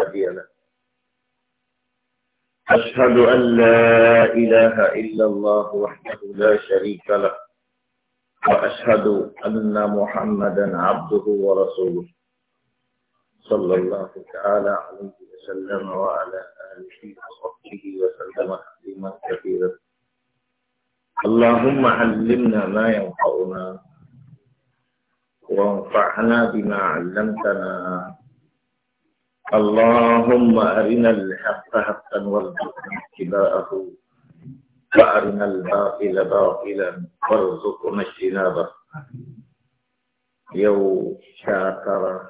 دينا أشهد أن لا إله إلا الله وحده لا شريك له وأشهد أن محمدا عبده ورسوله صلى الله تعالى عليه وسلم وعلى آله وصحبه وسلم تسليما كثيرا اللهم علمنا ما ينفعنا وانفعنا بما علمتنا اللهم أرنا الحق حقا وارزقنا اتباعه وأرنا الباطل باطلا وارزقنا اجتنابه يو شاكر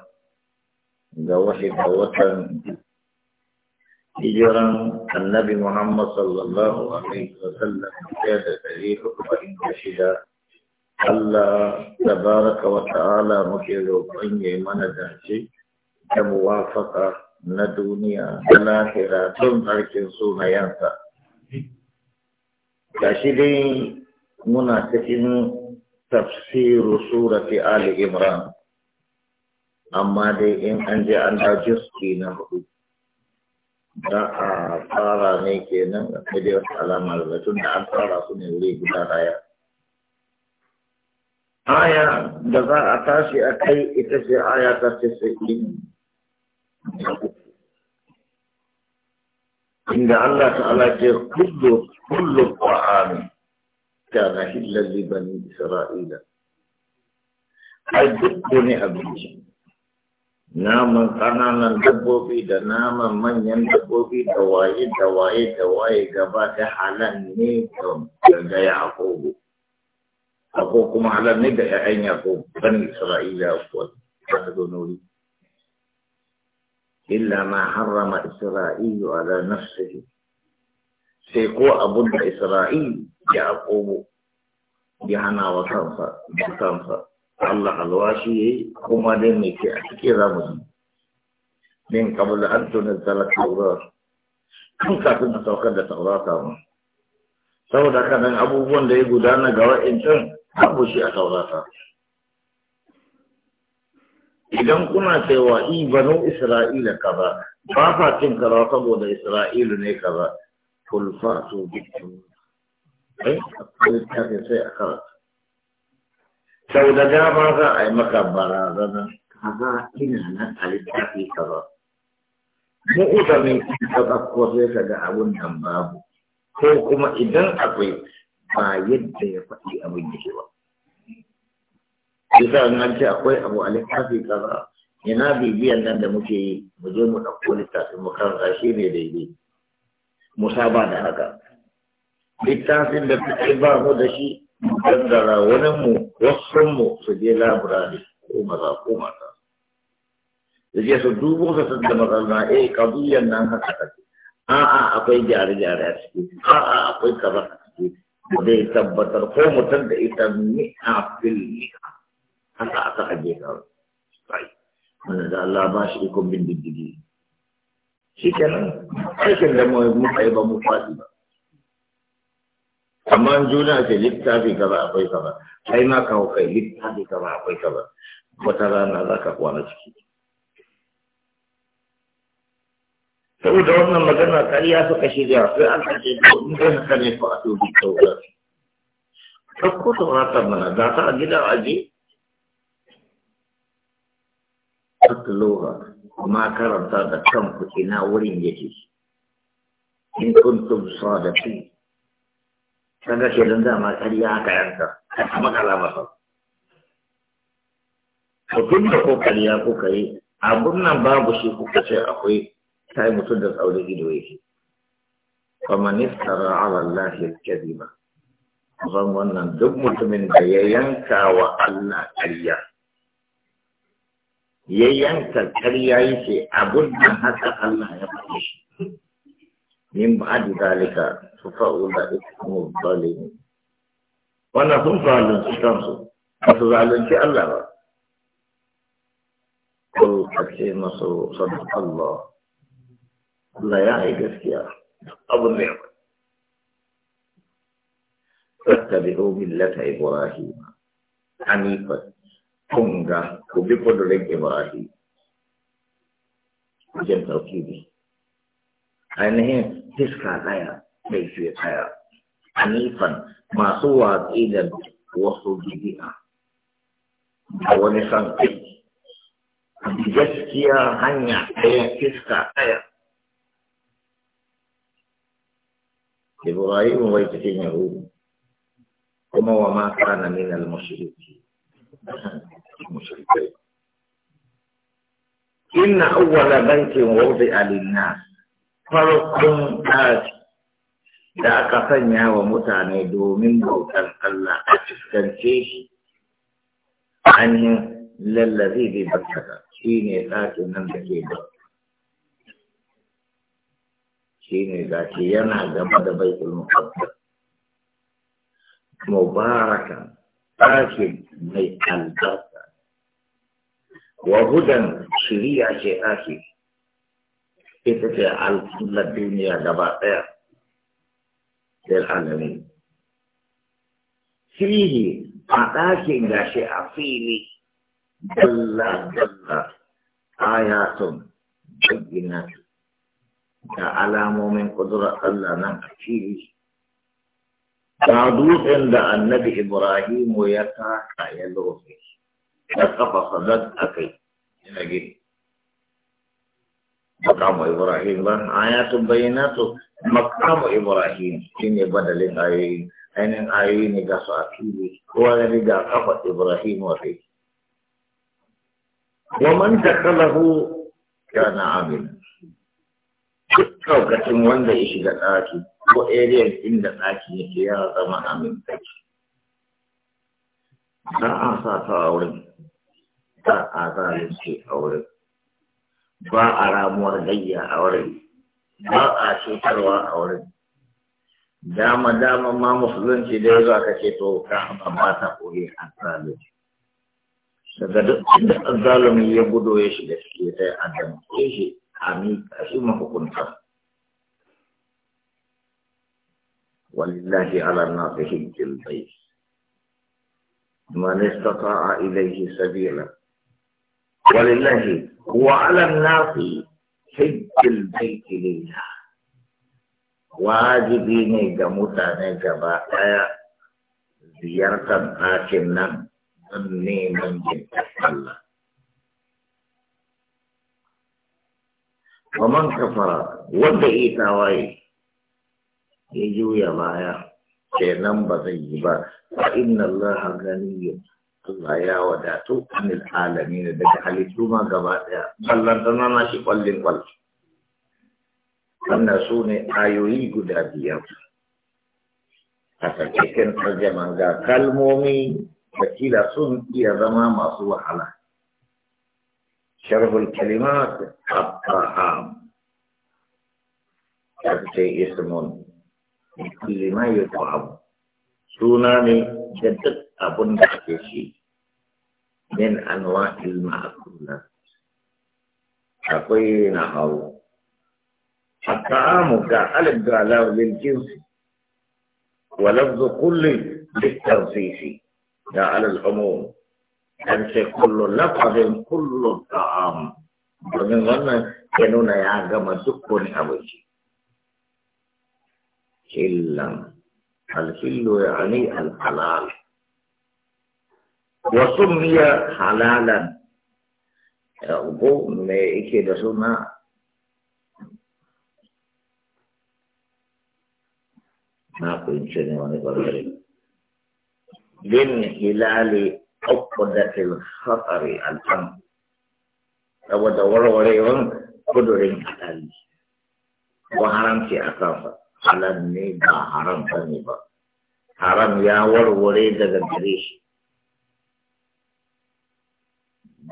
جوحد وطن هجرا النبي محمد صلى الله عليه وسلم كاد تاريخ وإن شجاع الله تبارك وتعالى مكيلو وإن يمنى دهشي da muwafaka na duniya da lahira don harkin sunayensa. shi dai muna cikin tafsiru surati Ali Imran, amma dai in an je an da jiski na hudu. Za a fara ne nan a kaje wasu alamar da tun da an fara su ne wuri guda daya. Aya da za a tashi a kai ita ce aya ta 90 inda Allah ta'ala ke kullu kullu qur'ani kana hillal li bani isra'ila ai duk wani abinci naman kananan dabbobi da naman manyan dabbobi da waye da waye da waye gaba da halan ne ga yaƙobu ko kuma halan ne ga 'ya'yan yaƙobu bani isra'ila ko ta zo nuri Illa na harrama israilu wadan na Sai ko abunda Isra'il ya a kobo. Yahana wa kansa, duk kansa. Allah alwashi. Komai dai me ke ake ke za Min qabar da Antananar da tauraro. Tun kafin ta sauka da saurata ma. Saboda hakanan abubuwan da ya gudana ga waƙen can, an a saurata. idan kuna cewa i banu isra'ila kaza ba fa cin kaza saboda isra'ilu ne kaza tulfa fatu bikum ai akwai tafi sai a karata. sau da dama za a yi maka barazana kaza ina nan a littafi kaza mu uta mai ka ɗauko sai ka ga abun nan babu ko kuma idan akwai ba yadda ya faɗi abin da ke ba yasa in an ce akwai abu a littafi kaza ina bibiyan nan da muke yi mu je mu ɗauko littafin mu karanta shi ne daidai mu saba da haka littafin da kuke ba mu da shi gangara wani mu wasan mu su je laburare ko maza ko mata da je su dubo su san da na eh kabiyan nan haka take a'a akwai gyare-gyare a ciki a'a akwai kaza a ciki dai tabbatar ko mutum da ita ni a fil ni'a أنا أعتقد بكم طيب أنا لا الله باش يكون من الدجي شي كلام شي كلام محايبة مفاسبة أما أنجونا أجي لبتابي كبا أقوي كبا حينا كوخي لبتابي كبا أقوي كبا وترانا ذاك أقوانا شكي Tapi dalam nama kena karya tu kasih dia. Tapi anak itu mungkin kena faham tu betul. Tapi kau tu orang mana? Data kita tatluha ma karanta da kanku ina wurin yake in kuntum sadiqin kaga ke dan dama ya aka yanka a makala masa to tun da ko ƙarya ko yi abun nan babu shi kuka ce akwai kai mutum da tsauri ido yake faman iftara ala Allah al-kadhiba zan wannan duk mutumin da ya yanka wa Allah ƙarya ya yanka ƙarya yi ce abun da haka Allah ya faɗi shi min ba da dalika su da fa'ula ismu zalimi wannan sun zalunci kansu ba su zalunci Allah ba kul kace masu sabu Allah Allah ya yi gaskiya abun da ya faɗi فاتبعوا ملة إبراهيم حنيفا kunga ku bi kudurin ibrahim wajen tauhidi ainihin fiska ɗaya mai fiye A anifan masu watsi da wasu bidi'a da wani san kai gaskiya hanya ɗaya fiska ɗaya ibrahim wai cikin yahudu kuma wa ma kana min al-mushriki mushrikai inna awwala bankin wawdi'a lin-nas farqun tasi da aka sanya wa mutane domin bautan Allah a fuskance shi ainihin lallazi bi barkata shi ne zaki nan da ke da shi ne ɗaki yana gaba da baitul muqaddas mubarakan ɗakin mai albarka wahudan hudan shiriya ce ɗakin ita ce alƙullar duniya gaba ɗaya del alamin fihi a ɗakin gashi a fili dalla dalla ayatun bayyana da alamomin ƙudurar Allah nan a fili ga dutsen da annabi Ibrahimu ya taka ya lofe da kafa sadat a kai yana gini makamu Ibrahim ba ayatun bayyinatu makamu Ibrahim shine badalin ayoyi ainihin ayoyi ne ga su a fili kowa ya riga kafa Ibrahim wa kai wa man dakalahu kana amina lokacin wanda ya shiga ɗaki ko area inda ɗaki yake ya zama tsaki. za a sa ta a wurin za a zalunci a wurin ba a ramuwar gayya a wurin ba a cutarwa a wurin dama dama ma musulunci da ya zo ce to ka hama ba ta koyi a zalunci daga duk inda azzalumi ya gudo ya shiga ta yi adam, ya shi a miƙa shi mahukunta walillahi ala nasi hijjil bait man istata'a ilayhi sabila walillahi wa ala nasi hijjil bait lillah wajibi ne ga mutane gaba ɗaya ziyartar ɗakin nan don neman jin Allah wa man kafara wanda yi tawaye ya juya baya nan ba zai yi ba fa inna gani ganiyyun Allah ya wadatu anil alamin daga halittu ma gaba daya ballan tana na nashi kwallin kwal wannan su ne ayoyi guda biyar a cikin tarjaman ga kalmomi da kila sun iya zama masu wahala شرف الكلمات الطعام كبتي اسم لكل ما يطعم سوناني جدد أبن كشي من أنواع المأكولات أقوي نحو الطعام كألف على للجنس ولفظ كل للتنصيص على العموم dan ce kullu lafazin kullu ta'am domin wannan ya nuna ya gama duk wani abinci hillan alhillu ya ani alhalal wa summiya halalan ko me yake da suna na kunce ne wani bangare bin hilali عقدة الخطر الأمر saboda warwarewan kudurin halali ko haramci a kansa halal ne ba haram ba ne ba haram ya warware daga gare shi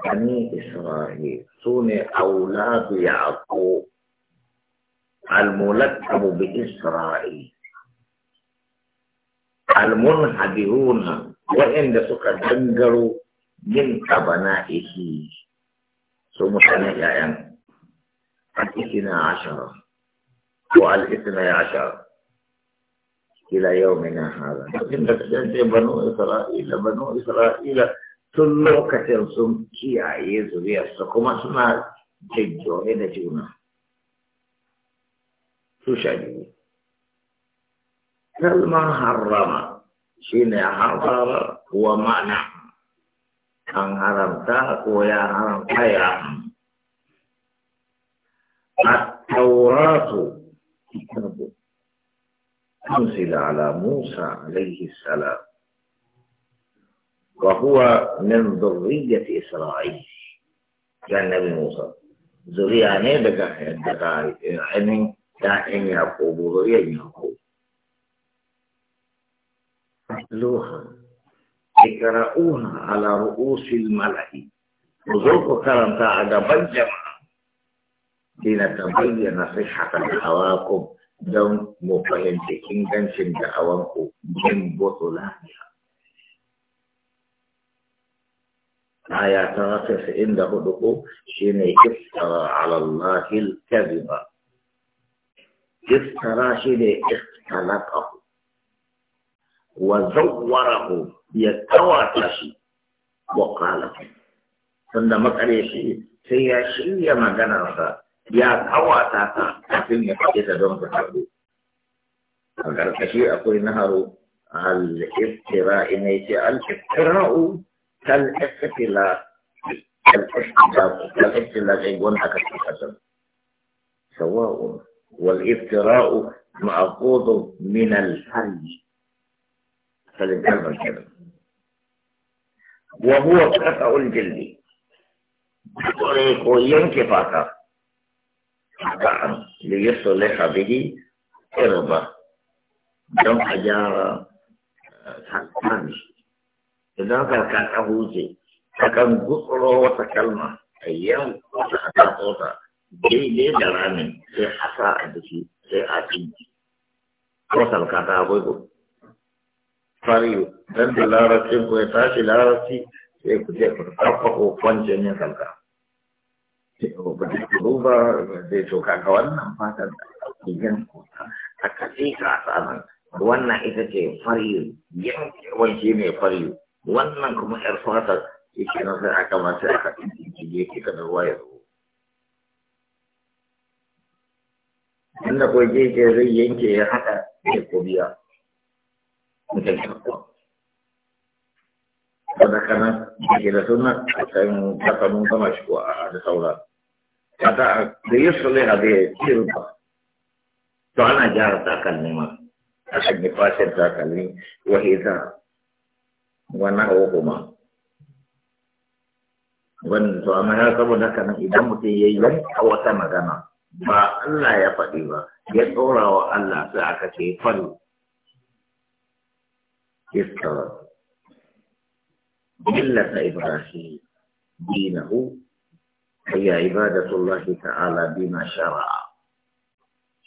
bani isra'il su ne auladu yaqub الملقب بإسرائيل المنحدرون wa'inda suka gangaro yin tabana ihi su mutane yayan al-isna ashara ko al-isna ya ashara ila yau mina hada lokacin da kasan ce banu isra'ila banu isra'ila tun lokacin sun kiyaye zuriyarsa kuma suna jajjore da juna su sha biyu kalmar harrama shine harfara wa ma'ana an haramta ko ya haramta ya التوراة كتاب أنزل على موسى عليه السلام وهو من ذرية إسرائيل كان نبي موسى ذرية يعني دقائق يعني دائم يعقوب ذرية يعقوب لوحا اقرؤوها على رؤوس الملأ وذوقوا كرمتا على جماعة لنتبين صحة دعواكم don mu fahimci ingancin da'awanku jin butulaniya. Aya ta tasa'in da hudu ko shi ne iftara alallahil kaziba. Iftara shi ne iftalakahu. وزوره يتواتى شي وقال تنده مكاري شي سي شي يا ما غنى رسا يا تواتى تا تين يفكي تدون تتعبو أقول كشي أقول نهارو الافتراء نيتي الافتراء كالافتلاء الافتلاء جيبون حكا تفتل سواء والافتراء مأخوذ من الفرج فلنكمل الكلام وهو قطع الجلي طريق ينكفك قطعا ليصلح به إربة جمع جارة ثانية إذا كان كأهوزي فكان قطرة وتكلمة أيام قطعة قطعة دي دي دراني في حساء في أتين قطعة قطعة قطعة fariyo dan da larabci ko ya tashi larabci sai ku je ku ɗauka ko ne kanka salka ba da ku duba zai to kaga wannan fata da ake yin ku a kasi ka sanan wannan ita ce fariyu wanke ne fariyu wannan kuma yar fata shi ke nan sai aka mace aka ji gefe ka da ruwa ya zo inda ke zai yanke ya haɗa ne ko biya wajen karɓa da kana ke da suna a can kakamun sama shi ko a ah, da kata da yi sulai a zai ciru ba to ana gyara ni ma a ni. yi fashin takalmi Wan wannan hawa kuma wannan to amma ya saboda haka nan idan mutum ya yanka wata magana ba Allah ya faɗi ba ya tsora wa Allah sai aka istara millata ibrahim dinahu hayya ibadatullahi ta'ala bima shara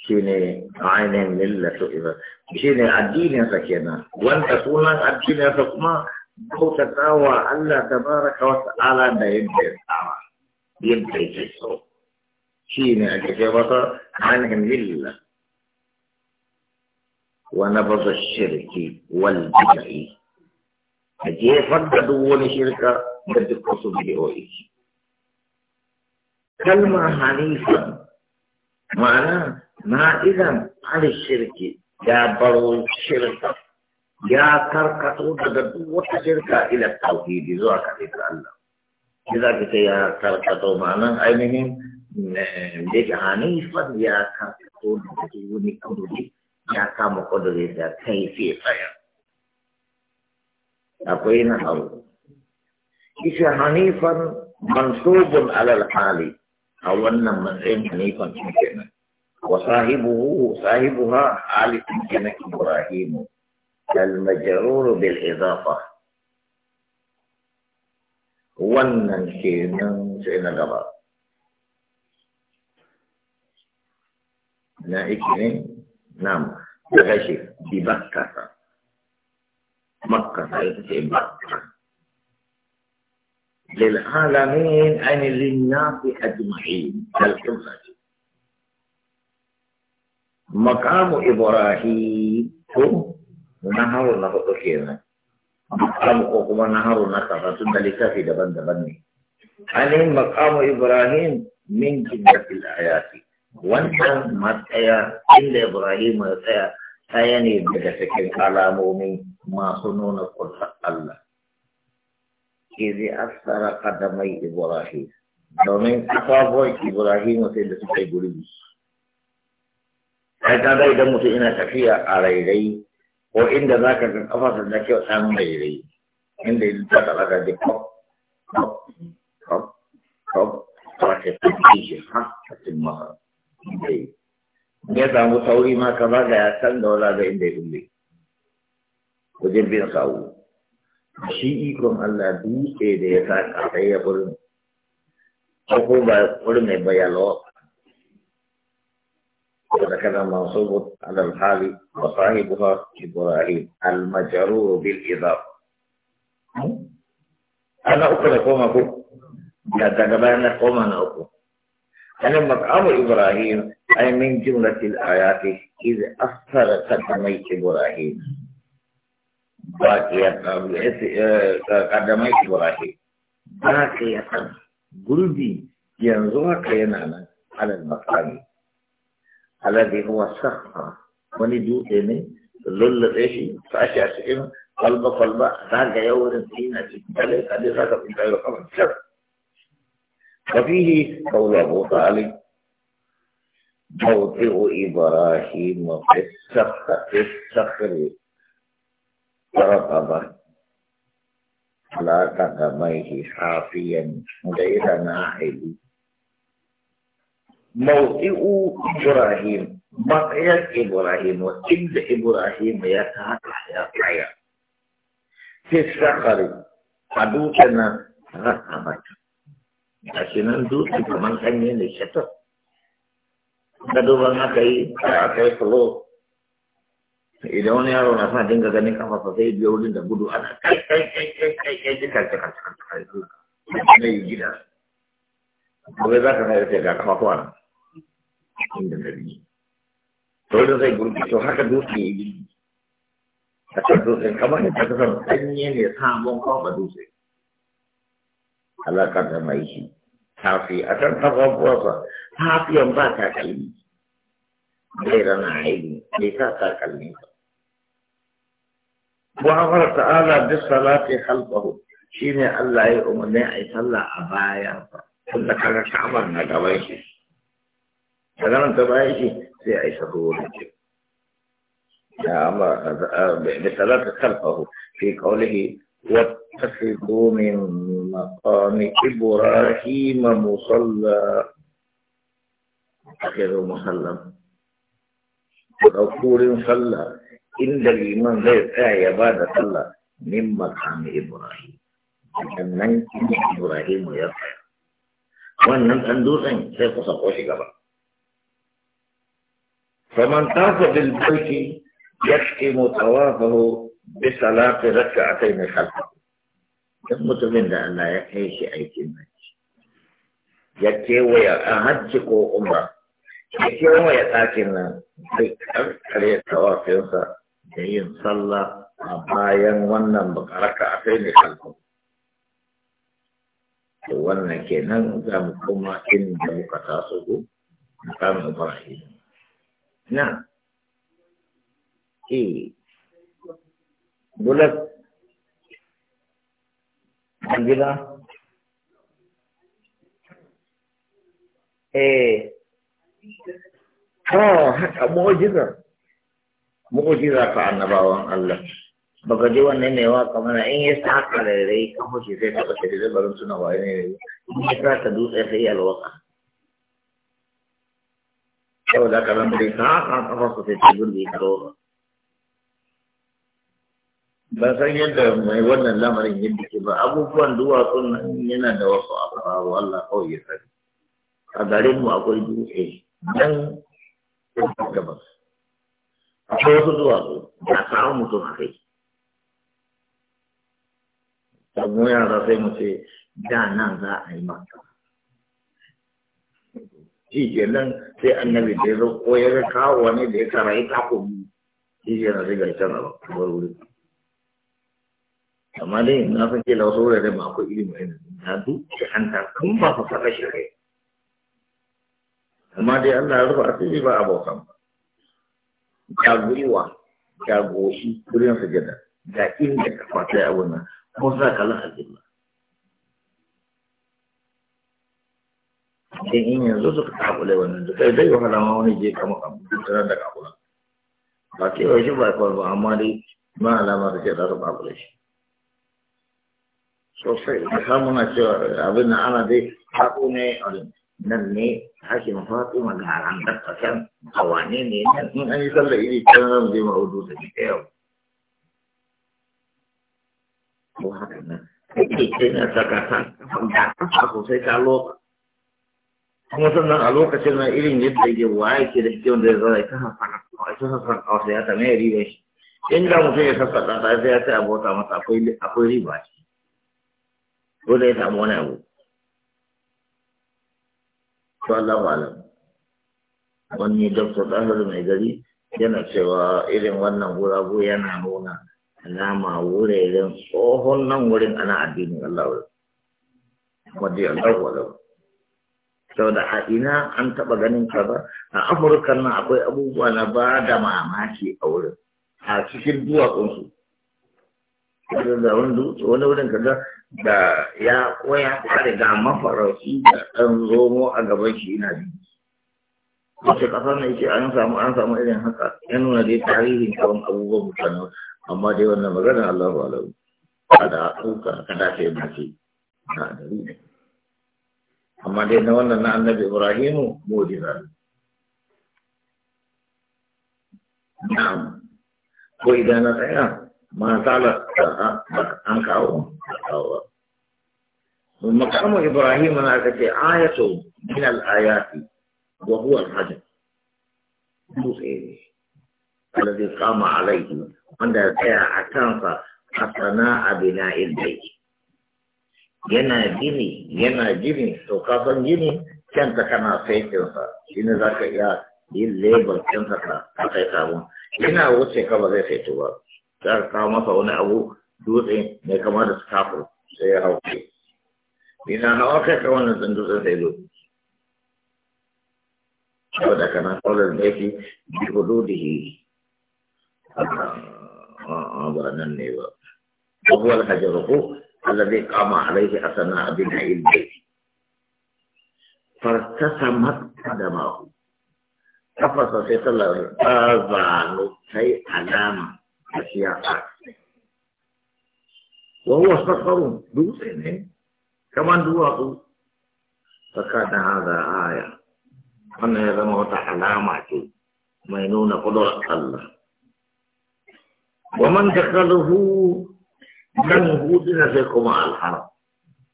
shine ainihin millatu ibrahim shine addinin kenan wanda sunan addinin sa kuma bautata wa Allah tabaraka wa ta'ala da yadda ya tsara yadda yake so shine a cikin wata ainihin millatu ونبض الشرك والبدع أجيفت دون شركة بدك صدقه كلمة حنيفة معنى ما إذا عن الشرك يا برو الشرك يا تركة دون شركة إلى التوحيد إذا الله إذا كنت يا تركة معنى أينهم بدعاني فن يا تركة دون شركة ya kama kudure da kai sai tsaya akwai na hau ishe hanifan mansubun alal hali a wannan matsayin hanifan sun kenan wa sahibuhu sahibuha alifin kenan ibrahimu المجرور بالإضافة wannan kenan sai na gaba na iki ne نعم بغشي بمكة مكة في مكة للعالمين أن للناس أجمعين كالحمة مقام إبراهيم هو نهر نهر كينا مقام أقوم نهر نهر تندلك في دبن دبن أن مقام إبراهيم من جملة الآيات wannan matsaya inda Ibrahim ya tsaya tsaya ne daga cikin alamomi masu nuna kurfar Allah. Izi asara kadamai Ibrahim, domin kafafuwan Ibrahim sai da suka yi gurbi. Sai ka ga idan mutum ina tafiya a rairai ko inda za ka ga kafa da kyau ɗan rairai, inda ya ta talaka da kop, kop, kop, kop, ta ta ce shi har ta ya samu sauri ma ka ba ga ya san da wala da inda ya bulle wajen bin sawu shi ikon Allah dutse da ya sa kasai ya burin ko ba burin mai bayalo وذكر منصوب على الحال وصاحبها إبراهيم المجرور بالإضافة أنا أقول لكم أقول لا تقبلنا قوما أقول أنا مقام إبراهيم أي من جملة الآيات إذ أثر قدمي إبراهيم باقية قدمي إبراهيم باقية قلبي ينظر كينانا على المقام الذي هو صخرة ونجوت إني ذل فاشي فأشعر قلبه قلبه ذاك يوم فينا تتكلم قد ذاك في الخبر شر وفيه قول أبو طالب موضع إبراهيم في الصخر في الصخر فرقبة على قدميه حافيا غير ناحل موضع إبراهيم مقيا إبراهيم وإن إبراهيم يتحقق يا في الصخر حدوثنا رقبته ga shi nan dutse kamar kanye ne shatar ka duban aka yi aka yi idan wani yaro na sa dinga ganin kafa sai biyo wurin da gudu ana kai kai kai kai kai kai ji kai karce karce karce na gida kai za ka sai ga kafa kuwa nan inda na biyu to wurin zai gurbi to haka dutse ya yi a can dutse kamar ne ta kasar kanye ne samun kwaba dutse alaƙar da mai shi tafi a kan kafafuwarsa hafiyan ba takalmi zai rana aini bai sa takalmi ba Muhammad ta'ala duk salati halbahu shi ne Allah ya umarni a yi sallah a bayan sa tunda kaga kamar na gaban shi daga nan ta bayan shi sai a yi sabo da shi بثلاثة خلفه في قوله واتخذوا من مقام إبراهيم مصلى كذا مصلى ركور صلى إن الإيمان لا يتعي بعد الله من مقام إبراهيم لأنك كم إبراهيم يرفع وأن ننتن دوسين سيقو سقوشي فمن طاف بالبيت يكتم طوافه بصلاة ركعتين خلفه duk mutumin da Allah ya kai shi aikin haji ya kewaya a hajji ko umra ya kewaya ɗakin nan zai karkare tawafinsa da yin sallah a bayan wannan bakaraka a kai ne to wannan kenan za mu koma inda muka taso ku makamin ibrahim na eh bulat an gida eh oh haka mu'jiza mu'jiza ta annabawan Allah baka ji wannan ne wa kamar in ya saka rairai kan hoshi sai ta bace da barin suna waye ne in ya ka dutse sai alwaka saboda kalan bai saka kafa su ka ta gundi ka roƙa ba san yadda mai wannan lamarin yadda ke ba abubuwan duwatsun nan yana da wasu abu Allah kawai ya sani a garin mu akwai dutse dan gabas akwai wasu duwatsu da samu mutum a kai samu yara sai mu ce da nan za a yi maka shi ke nan sai annabi da ya zo ko ya kawo wani da ya karayi takobi shi ke nan sai ga ba a wuri amma dai na san kila wasu wurare ba akwai ilimin irin na duka hanta kun ba su fara shirye amma dai Allah ya rufa asiri ba abokan ba ga gwiwa ga goshi wurin sujada ga inda ka fata ya wannan ko sa kalan aljanna sai in yanzu suka kakulai wannan da kai yi wahala ma wani je kama kamar da kakula ba ke wa shi ba kwalba amma dai ma alama da ke za su kakulai shi sosai da samuna cewa abin da ana dai haƙo ne nan ne hakim fatima ga haram da kasan a wane ne nan in an yi sallar iri can zan je ma'udu da ke yau ko haka nan kake ce na saka ta da a sosai ta loka kuma sannan a lokacin na irin yadda ya waye yake da shi wanda ya zara ta hasaka a ta hasaka a wasu ya ta mai riba shi inda mutum ya sassa ɗan ta sai ya ce abota masa akwai riba shi ko zai samu wani abu to Allah alam wani dr ɗahar mai gari yana cewa irin wannan guragu yana nuna alama wuraren tsohon nan wurin ana addinin Allah wurin wadda Allah walau sau da a ina an taɓa ganin kaza a afirka nan akwai abubuwa na ba da mamaki a wurin a cikin duwatsunsu da wani wani wurin kaga da ya koya fara ga mafarauci da ɗan zomo a gaban shi ina bi wace ƙasa na ce an samu an samu irin haka ya nuna dai tarihin kawon abubuwan mutane amma dai wannan magana Allahu alahu kada ɗauka kada sai na ce na dari ne amma dai na wannan na annabi Ibrahimu mu'jiza na'am ko idan na tsaya masalah an kawo kawo makamu ibrahim na kace ayatu min al ayati wa huwa al hajar dutse alladhi qama alayhi wanda ya tsaya a kansa hasana abina ilbai yana gini yana gini to kafin gini kyanta kana saitinsa shi ne za ka iya yin lebar kyanta ka kai sabon yana wuce ka ba zai saito ba sai aka kawo masa wani abu dutse mai kama da scapo sai ya hau kai ina na aka ka wannan dutsen sai zo sau da kana kaular da yake bi hudu da yi a ba nan ne ba abuwar hajjar ko الذي قام عليه أثناء بناء البيت فارتسمت قدماه تفص في صلى الله عليه وسلم علامة السياقات وهو صخر دوسين كمان دواقو فكان هذا آية أن هذا موت علامة مينون قدر الله ومن دخله من هودنا فيكما الحرم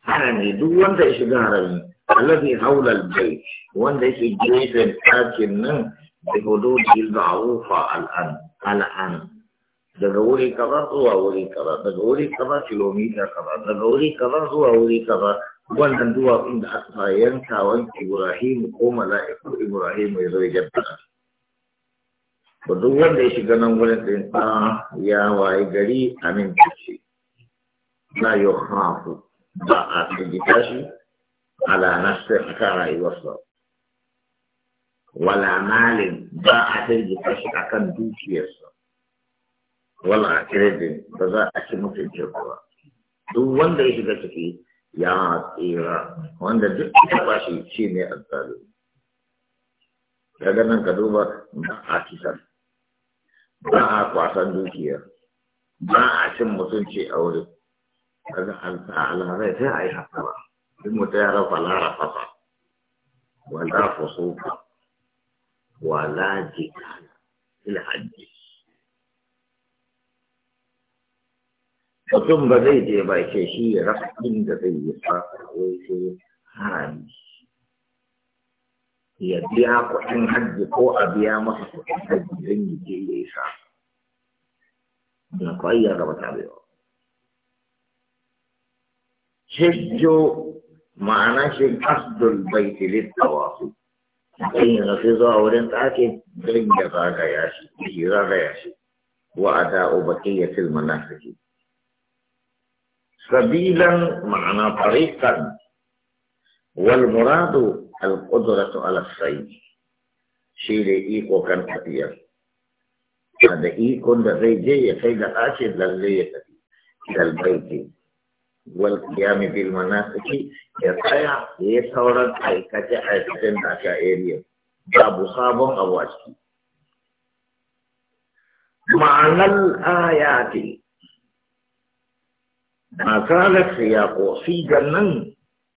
حرمي دو وانت إشجاري الذي حول البيت وانت إشجاري في الحاكم بحدود المعروفة الآن الآن د غوري کبا هو اوري کبا د غوري کبا کیلومی دا کبا د غوري کبا هو اوري کبا ول د دوا ان د اسماین تاون ابراهيم او ملائكه ابراهيم یې زوی جنت په دوه دې چې ګنم ولې دې تا یا وای ګړي امين چی لا یو خاف دا اته دې تاسو على نفس الكاري وصل ولا مال دا اته دې تاسو اكن دوشي وصل Wala wal akhirin ba za a ci mutuncin ba duk wanda ya shiga ciki ya tsira wanda duk ba shi shi ne azzalimi daga nan ka duba ba a kisan ba a kwasan dukiya ba a cin mutunci a wuri daga al'arai sai a yi hasara duk mutum ya rafa larafasa wala fusuka wala jikala ilhajji mutum ba zai je ba ke shi ya rasa inda zai yi ba wai sai harami ya biya kuɗin hajji ko a biya masa kuɗin hajji don ya je ya yi sa na kawai ya gaba tabewa hijjo ma'ana shi asdul baiti littawasu mutum yi nufi zuwa wurin ɗakin don yi zagaya shi shi zagaya shi wa a da'o bakiyatil manasiki سبيلا معنى طريقا والمراد القدرة على السير شيء إيكو كان كثير هذا إيكو ده زي جي سيد الآشد للي إلى والقيام بالمناسك يطيع يصورا أيكة أيكة عشائرية باب صابون أو أشكي معنى الآيات a kalar ya ƙofi nan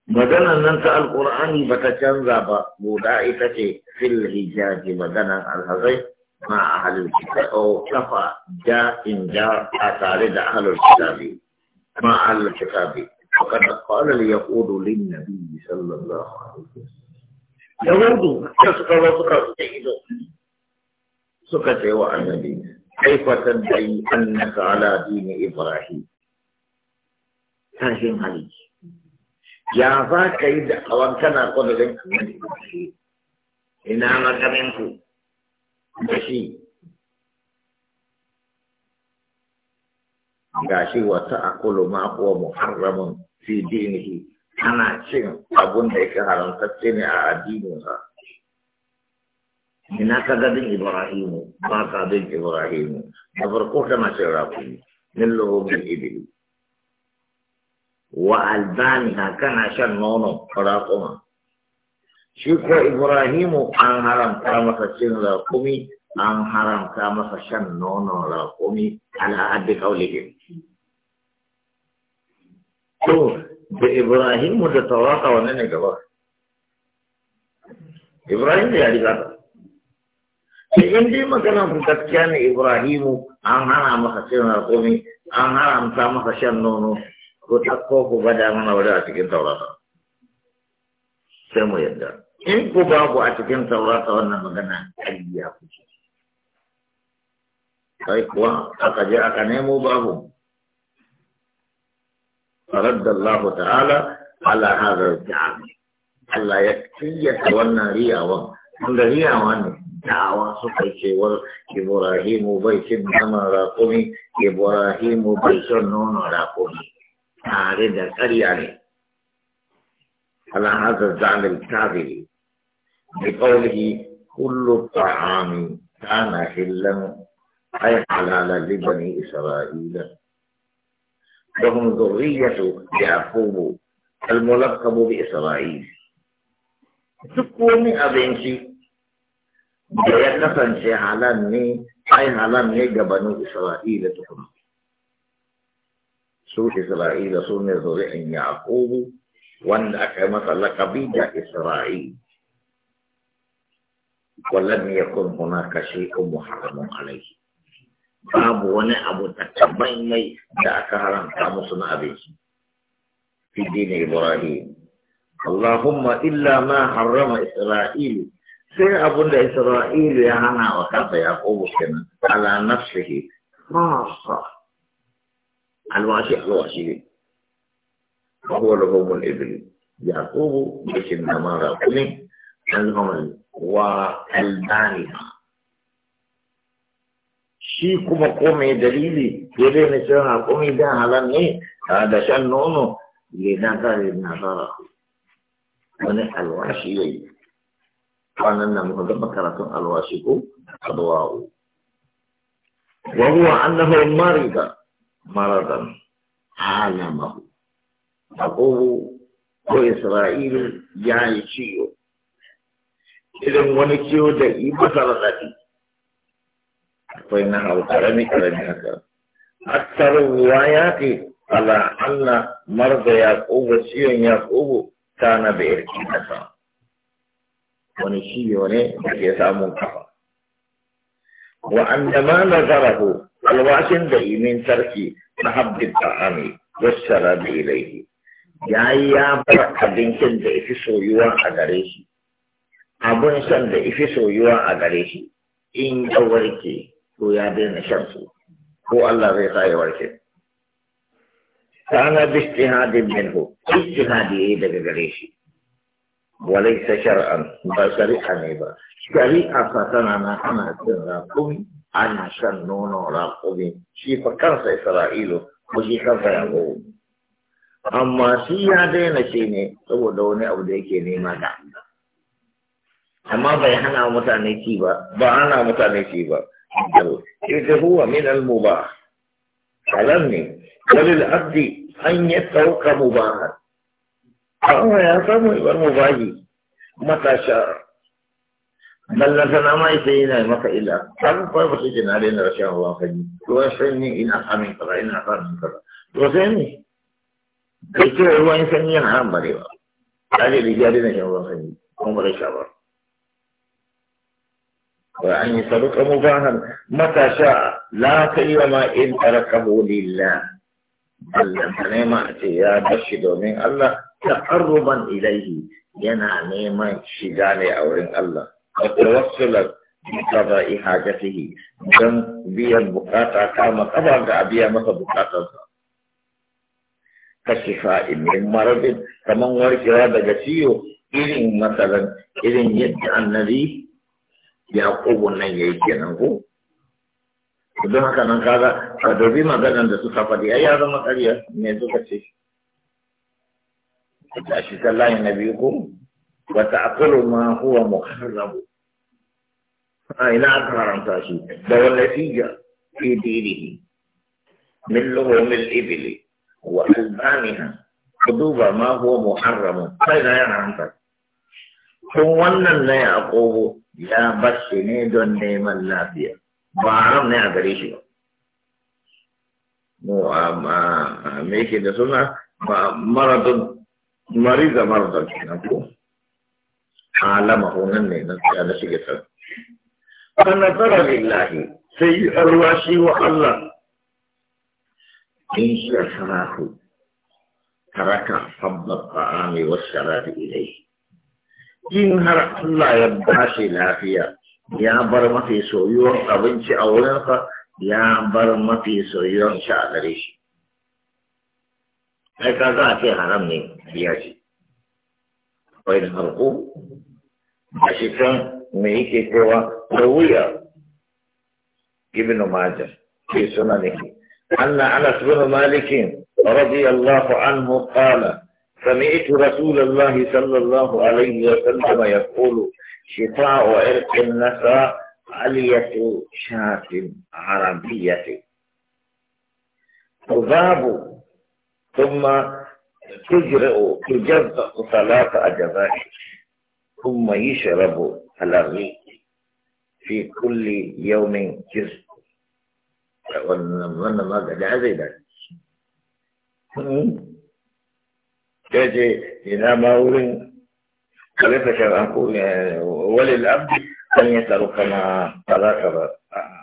Maganar nan ta alkur'ani ba ta canza ba guda ita ce fil hijaji maganan alhazai na ahalin kita o kafa ja in a tare da ahalin kita bi ma ahalin kita bi wakar da kwalar ya kodo lin na bi misallar da ahalin kita ya wudu suka zo suka suke suka ce wa annabi kaifatan da yi annaka ala ibrahim tashin hali ya za ka yi da awan kana kwadarin annabi ina ku? da shi ga shi wata akulu ma kuwa muharramun fi dinihi ana cin abun da yake haramtacce ne a addininsa ina ka gadin ibrahimu ba ka gadin ibrahimu da farko kana cin rakumi min lohobin ibili وألبانها كان عشان نونو فراقما شكو إبراهيم أن هرم كاما خشن راقمي أن هرم كاما خشن نونو راقمي على حد قولهم تو بإبراهيم متتوراقا ونن جواب إبراهيم يا رجال sai in dai maganan gaskiya أن Ibrahimu an خشن masa أن raƙumi كاما خشن نونو ku ɗauko ku gwada mana wuri a cikin taurata sai mu yadda in ku ba ku a cikin taurata wannan magana ƙarya ku ce kai kuwa aka je aka nemo babu faradda Allah ta'ala ala hadha al Allah ya kiyata wannan riyawan wanda riyawan ne da'awa suka cewar Ibrahimu bai cin nama raƙumi Ibrahimu bai son nono raƙumi tare da ƙarya ne alan haza zanil kafiri bi ƙaunihi kullu ta'ami kana hillan ay halala li bani isra'ila lahum dhurriyyatu yaqub al mulaqab bi isra'il duk wani abinci da ya kasance halal ne ay halal ne ga bani isra'ila tukuma su Isra'ila su ne zuri'in Yaqubu wanda aka yi masa lakabi da Isra'il. Wallan ya kun kuna kashe kun muharramun alaihi. Babu wani abu taban mai da aka haramta musu na abinci. Fi dini Ibrahim. Allahumma illa ma harrama Isra'ilu sai abun da Isra'ilu ya hana wa kansa Yakubu kenan ala nafsihi. Masa. alwashi alwashi ne ba huwa rahomun ibili yaƙubu bikin da mara kulin alhaman wa aldaniha shi kuma ko dalili ya daina cin haƙumi don halar ne da shan nono ya na kare nasara wani alwashi ya yi kwanan na muka gaba karatun alwashi ko alwa'u wa huwa annahu marida مرضا ko أبوه ya yi ciwo. Idan wani ciwo da yi masa raɗaɗi akwai na hau karami karami haka aktar ruwa ya ke, ala anna marda ya ƙogo ciwon ya ƙogo ta na da yarki kasa wani ciwo ne da ke samun kafa wa an ma na zarafu alwashin da imin tarki na habdin ta'ami wassara da ilaihi ya yi ya bar abincin da ifi soyuwa a gare shi abun shan da ifi soyuwa a gare shi in ya warke to ya daina shan su ko Allah zai sa ya warke kana bi ijtihadin minhu ijtihadi yayi daga gare shi walaysa shar'an ba shari'a ne ba shari'a fa tana na ana cin rakumi ana shan nono raƙumi shi fa kansa isra'ilu ko shi kansa yaƙo amma shi ya daina shi ne saboda wani abu da yake nema da amma bai hana mutane ci ba ba hana mutane ci ba ita huwa min al-mubah halal ne walil abdi an yatawqa mubah amma ya samu ibar mubahi matasha بل لسنا ما يسينا مك إلا حن قوي بسيطين علينا رشيا الله خير وسني إن أقام كرا إن أقام كرا وسني كتير هو إنسان ينعم بريوا هذه رجال إن شاء الله خير هم رشاور وأن يسلك مباهم متى شاء لا تلي وما إن أركب لله الله نعم يا بشر من الله تقربا إليه ينعم من شجاني أورين الله وتوصلا بقضاء حاجته دم بيا بقاطع كما قضى بيا متى بقاطع كشفاء من مرض كما ورك هذا جسيو إذن مثلا إذن يد النبي يعقوب نن يجينا هو don haka nan kaga ka dubi maganar da suka faɗi ai ya zama ƙarya me suka ce ta shi kallahi na biyu ko وتعقل آه، ما هو محرم أي لا كرم تاشي دولة فيجا في دينه من لغم الإبل وألبانها قدوب ما هو محرم أين يا رمتا فوانا يا أقوب يا بس نيدو النيم اللافية بارم نيا قريشي مو أما آه، آه، ميكي دسونا مرض مريض مرضا كنا عالمه نني نسي أنا شيء كذا ترى لله سي أرواشي وخلّا إن شاء الله ترك حب الطعام والشراب إليه إن هر الله يبعشي لافيا يا برمتي سويون أبنشي أولاً يا برمتي سويون شادريش هكذا في حرمني بياجي وإن المرغوب عشان ميكي كوا روية ابن ماجه في سننه أن أنس بن مالك رضي الله عنه قال سمعت رسول الله صلى الله عليه وسلم يقول شفاء عرق النساء علية شاة عربية تذاب ثم تجرئ تجرئ ثلاث أجبات ثم يشرب الأغي في كل يوم جزء ومن ما قد عزيزا جاجي إذا ما أولن خليفة شر أقول ولي الأب أن يترك ما تراكب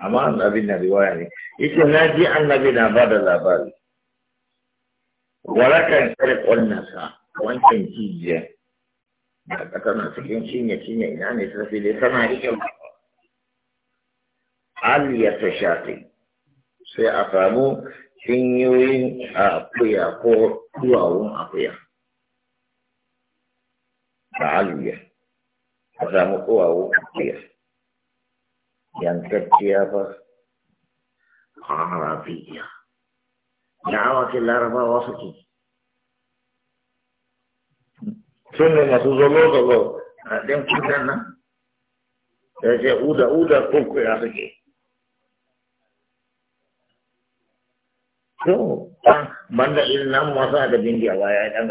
أمان أبينا رواية يعني. إذا ناجي أن نبينا بعد الأبالي walakan sharikon nasa wancan jijiya da ta na cikin cinye cinye ina ne sai fi dai tana rike aliyar ta shafi sai a samu cinyoyin akuya ko duwawun akuya da aliyar a samu duwawun akuya yankakkiya ba a harafiya da'awa ce larabawa suke sun ne masu zolo-zolo a ɗin kusan nan da ce uda-uda koko ya suke to ban banda irin nan masu da bindi a baya ya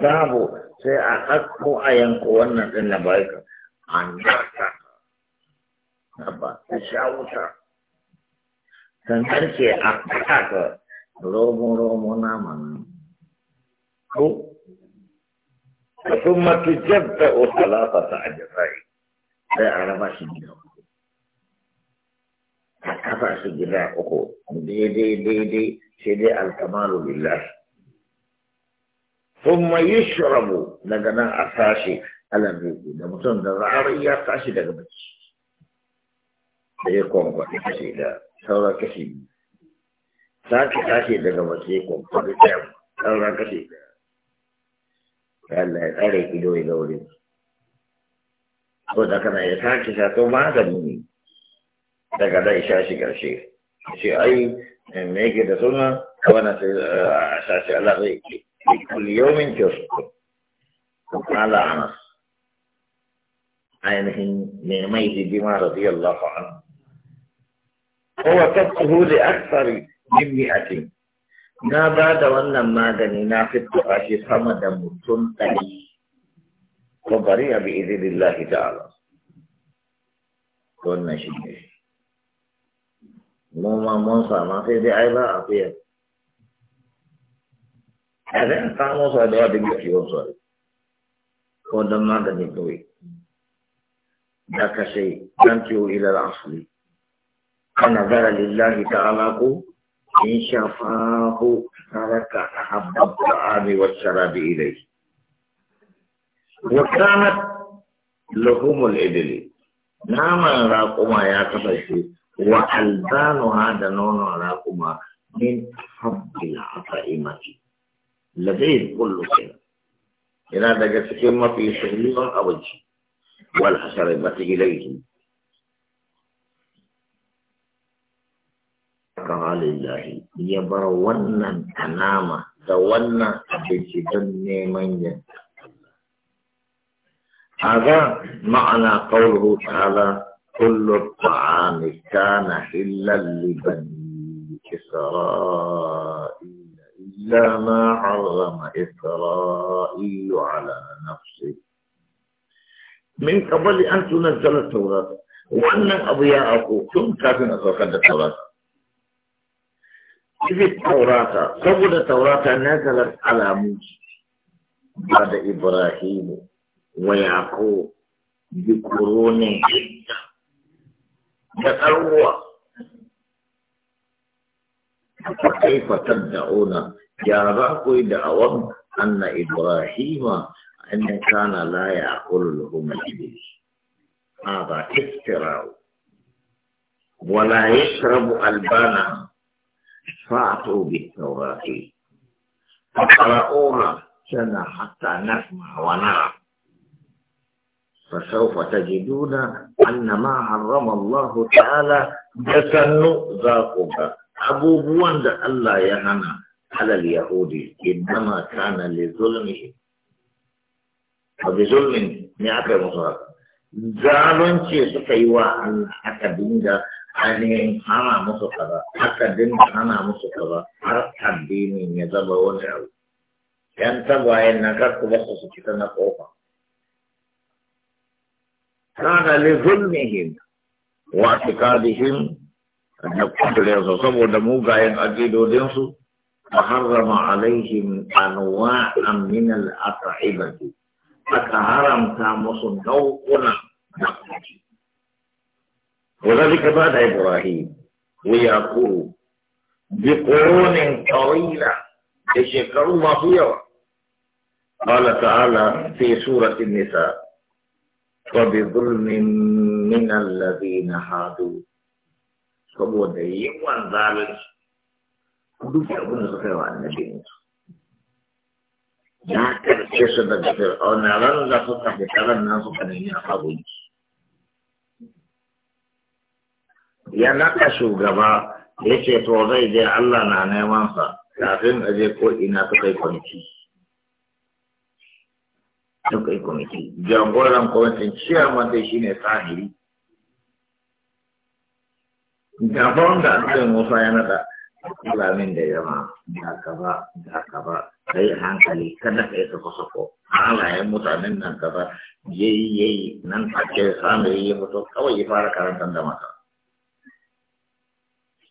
babu sai a ɗauko a yanko wannan ɗin na bayan a narka na ba ta sha wuta san ke a ɗaka ka romo romo nama nan ko o تجبأ ثلاثة أجزاء sai a raba shi gida uku a kafa shi gida uku daidai daidai sai dai alkamalu lillahi ثم يشرب لغنا أساسي على بيتي لما تون دراري يا أساسي لغة بيتي بيكون بيتي لا ثورة كسيب ساكي أساسي لغة بيتي بيكون بيتي ثورة كسيب فالله أريك دوي دوري وذا كان يساكي ساتو ما دمني daga da isha shi karshe shi ai me yake da suna kawana sai a sashi Allah zai yi في كل يوم على أنس عينه نعميه بما رضي الله عنه هو كتبه لأكثر من مئة ما بعد وانا ما دنينا في التقاش فمدى متنتهي وبريع بإذن الله تعالى كنا شيء موما صار ما في دعاء لا أطيب a zai samu su a da wadda gashi yau su ko don maganin kawai da ka sai dan ciwo ilal asali kana zara lillahi ta'ala ko in shafahu taraka ahabbab ta'ami wa sharabi ilayhi wa kanat lahumul idli naman raƙuma ya kasance wa albanu hada nonon raƙuma min habbil afa'imati لذيذ كله كده إذا دقت كلمة في سهيلة أوجه والحشرة التي إليهم قال الله يبرون أنام دونا بجدن من يتقل هذا معنى قوله تعالى كل الطعام كان حلا لبني إسرائيل إلا ما عظم إسرائيل على نفسه من قبل أن تنزل التوراة وأن أضياءه كن كافٍ أتوقد التوراة إذ التوراة قبل التوراة نزلت على موسى بعد إبراهيم ويعقوب بقرون جدة تتروى فكيف تبدأون يا باكو دعوة أن إبراهيم أن كان لا يأكل لهم الإبل هذا افتراء ولا يشرب ألبانها فأتوا بالتوراة فقرأوها سنة حتى نسمع ونرى فسوف تجدون أن ما حرم الله تعالى جسن ذاقك أبو بوند الله يهنا على اليهود انما كان لظلمه وبظلم من عقل مصر زالون شيء سكيوا على اكادين جا اني يعني انا مصر اكادين انا مصر عرفت ديني نظام ونعو كان تبع النكاك بس سكتنا قوفا كان لظلمهم واعتقادهم ان كنت لازم صبر دموك عين اجيد ودنسو فحرم عليهم أنواعا من الأطعمة فتحرم تامس نوقنا وذلك بعد إبراهيم ويقول بقرون طويلة لشكر الله فيها قال تعالى في سورة النساء وبظلم من الذين هادوا فبوديهم yawan duk abin da suka yi wa annabi ya karfe su daga wani ran da suka fi taron nan suka nemi yin abinci ya naka shugaba ya ce to zai je Allah na neman sa kafin a je ko ina suka yi kwanci. suka yi kwamiti jagoran kwamitin ciyaman shi ne sahiri gaban da Musa ya nada ba min da yawa da ba da ba sai hankali kada ka yi sako sako halayen mutanen nan gaba yayi yayi nan ke samu yayi mutu kawai ya fara karantar da mata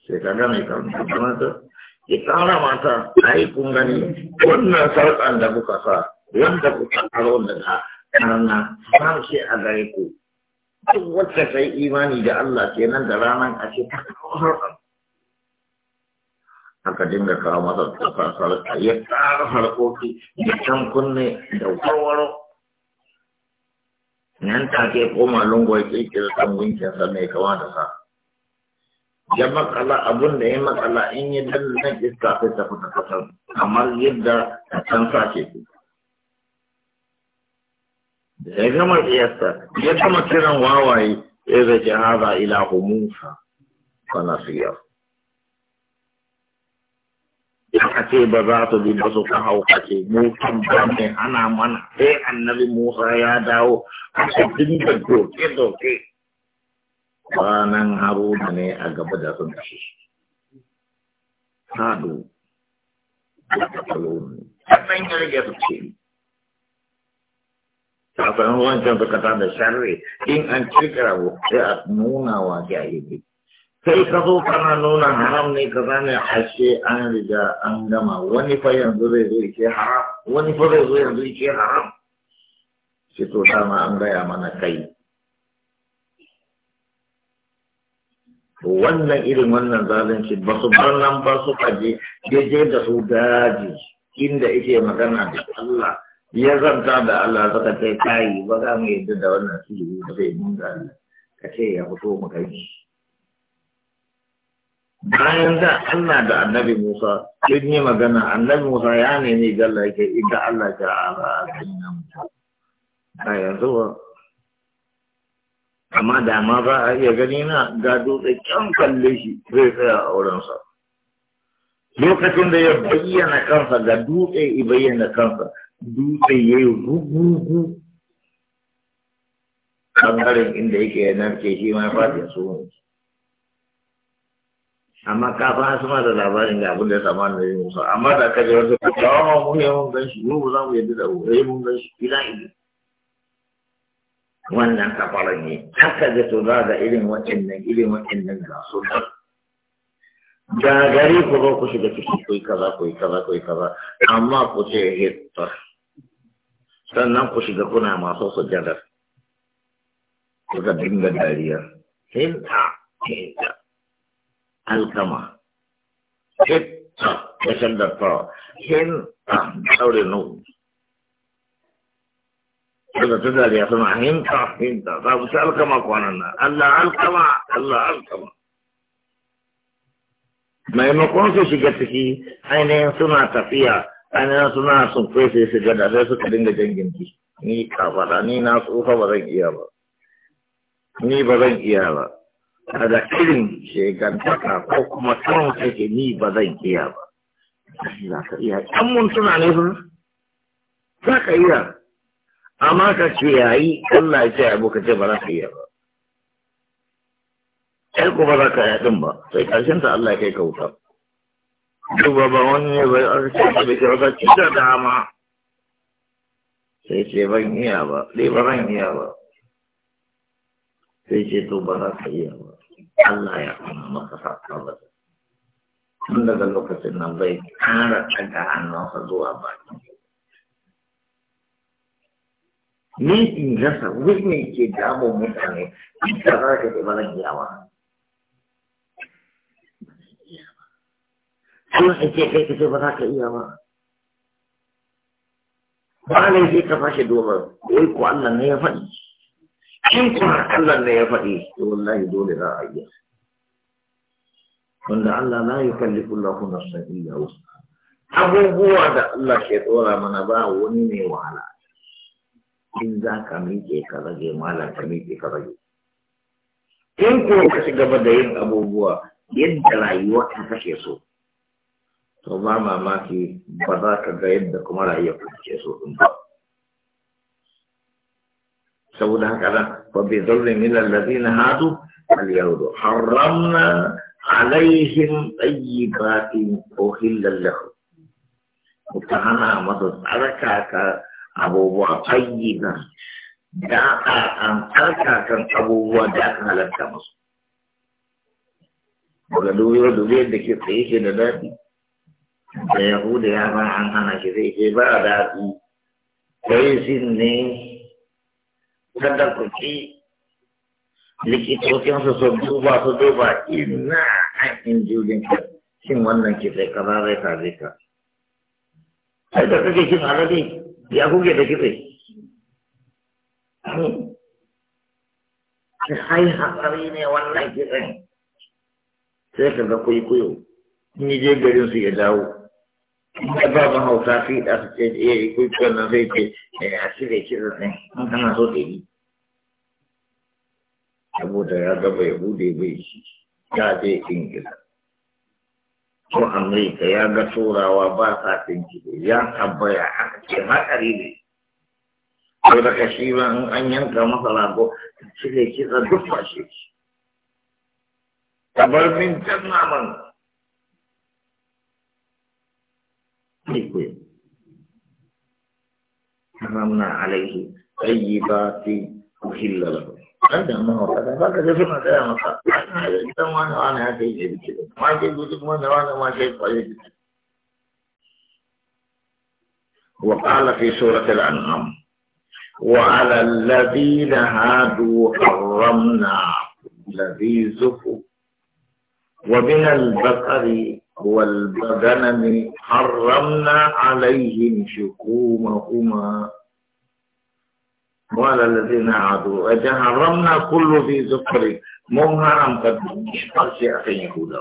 sai ka ga mai karantar da mata ki tsara mata ai kun gani wannan sarƙan da kuka sa wanda kuka aro da ta karna ba shi a gare ku duk wacce sai imani da Allah ke nan da ranar a ce ta kawo aka dinga kawo masa tsakar sarka ya tsara harkoki da can kunne da warwaro nan take koma lungo ya kirkira kan gunkinsa mai kama da sa ya makala abun da ya matsala in yi dandan iska sai ta fita kasar kamar yadda ta can ke. ku da ya gama tsiyarsa ya gama kiran wawaye ya zace haza ila musa fa siyar? aka ce ba za ta bi ba su ka hauka ce mu kan ba mai ana mana sai annabi Musa ya dawo aka dinga doke doke kwanan haruna ne a gaba da sun kashe sadu da kataloni sannan ya rage su ce kafin wancan suka da sharri in an cikira sai a nuna wa jahili sai ka zo kana nuna haram ne ka zane ce an riga an gama wani fa yanzu zai zo ke haram wani fa zai zo yanzu ke haram sai to dama an gaya mana kai wannan irin wannan zalunci ba su bar nan ba su kaje je da su daji inda ike magana da Allah ya zanta da Allah zaka kai kai ba za mu yadda da wannan sihiri da zai mun ga Allah ka ce ya fito mu kai bayan da Allah da annabi Musa sun yi magana annabi Musa ya nemi galla yake idan Allah ta ala a yanzu ba amma da ma ba a iya gani na ga dutse kyan kalle shi zai tsaya a wurinsa lokacin da ya bayyana kansa ga dutse ya bayyana kansa dutse ya yi rugugu ɓangaren inda yake narke shi mai fadin su ne amma kafin an sama da labarin ga abin da ya samu da yi musa, amma da aka ji wasu kawo yawon mu yi mun gan shi mu za mu yadda da wuri mun gan shi ila ido wannan kafaran ne haka da to za ga irin waɗannan irin waɗannan ga su da gari ku zo ku shiga ciki ku yi kaza ku yi kaza ku yi kaza amma ku ce hitar sannan ku shiga kuna masu sujadar ku ga dinga dariya hitar hitar alkama hitta da shandarfa hin a daure nau daga ta dariya suna hinta hinta za ku ci alkama kwanan nan allah alkama allah alkama maimakon su shiga ciki ainihin suna tafiya ainihin suna sun kai sai shiga da sai suka dinga jangin ni ka ni na tsufa ba zan iya ba ni ba zan iya ba da irin shegantaka ko kuma tsawon kake ni ba zan iya ba za ka iya ɗan mun suna ne sun za ka iya amma ka ce yayi Allah ya ce abu ka ce ba za ka iya ba ai ku ba za ka iya ɗin ba sai ƙarshen ta Allah ya kai ka wuta duba ba wani ne bai aka ce bai ke ka ci da dama sai ce ban iya ba dai ba ran iya ba sai ce to ba za ka iya ba Allah ya kuma masa sakawar tun daga lokacin nan zai kara daga hannunsa zuwa baki ni in rasa wani ke damun mutane ita za ka ce mana zan iya ba Allah ya ce kai kace ba za ka iya ba. Ba ne sai ka fashe domin, wai ko Allah ne ya faɗi. in kuma Allah ne ya faɗi to wallahi dole za a yi wanda Allah la yukallifu Allahu nafsan illa wus'aha abubuwa da Allah ke tsora mana ba wani ne wahala in za ka miƙe ka rage malam ka miƙe ka rage in ko ka ci gaba da yin abubuwa yadda rayuwa ta kake so to ba mamaki ba za ka ga yadda kuma rayuwa kake so din ba سولها كذا وبذل من الذين هادوا فليرد حرمنا عليهم طيبات أهل لهم وكان مدد عركة أبو طيبا دعا أن تركا كان أبو وداك على الدمس وقالوا يردوا لي أنك تريك لبابي يقول يا ما عنها نشريك بابي تيزني kada ku ci likitocin su sun duba su duba ina an jirgin ka shin wannan kitse kaza zai kaze ka sai da kake shin alade ya kuke da kitse ai hatsari ne wannan kitsen sai ka ga kuyo ni je garin su ya dawo da ba ba hausa fi da su ce ya eh, yi kuka na zai ce ya eh, shi da shi zai an kana so da yi saboda ya ga bai bude bai shi ya je ingila ko amurka ya ga turawa ba sa tinkile ya tabbaya a ce hatsari ne ko da ka shi ba in an yanka masa rago shi da shi duk fashe shi kabar min can naman حرمنا عليه طيبات أحل له هذا ما هو هذا هذا في ما ده ما هذا ما أنا أنا شيء كذا ما شيء كذا ما أنا ما شيء كذا طيب. وقال في سورة الأنعام وعلى الذين هادوا حرمنا الذي زفوا ومن البقر والبغنم حرمنا عليهم شكومهما وعلى الذين عادوا حرمنا كل ذي ذكر منهرم قد شخص أخي يهودا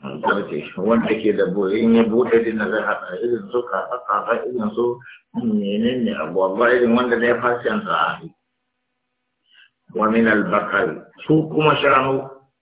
Sarki wanda ke da in ya din na haɗa irin su kafa kafa irin su menene ne abu abuwa irin wanda zai fasiyan sa Wa min al-bakari su kuma shanu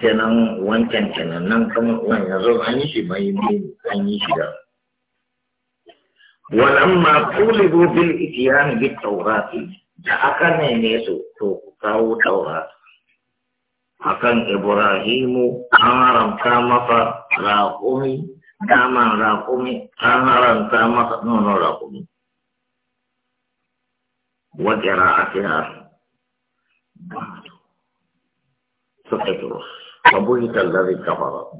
kenan wancan kenan nan kuma wannan zo an yi shi mai an yi shi da walamma qulibu bil ityan bi tawrati da aka neme su to kawo taurat akan ibrahimu an haramta masa raƙumi Rakumi, raƙumi an haramta masa nono raƙumi wa qira'atiha سقطوا فبهت الذي كفر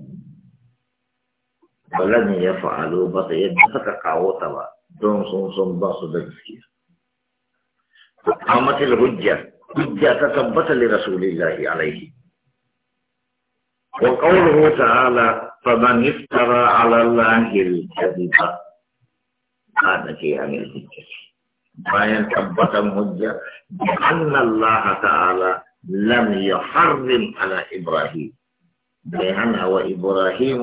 ولم يفعلوا بطيئة فتقعوا طبعا دون صن صن باص دجسكي قامت الهجة حجة تثبت لرسول الله عليه وقوله تعالى فمن افترى على الله الكذب كان في عن الهجة فإن ثبت الهجة بأن الله تعالى لم يحرم على إبراهيم لأن وإبراهيم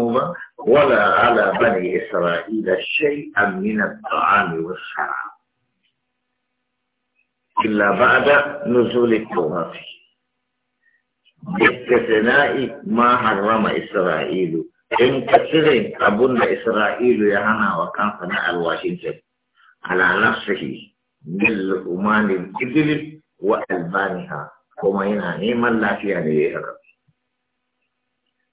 ولا على بني إسرائيل شيئا من الطعام والشراب إلا بعد نزول التوراة باستثناء ما حرم إسرائيل إن كثيرين أبن إسرائيل يهنا وكان فناء الواشنطن على نفسه من لقمان الإبل وألبانها kuma yana neman lafiya ne ya haka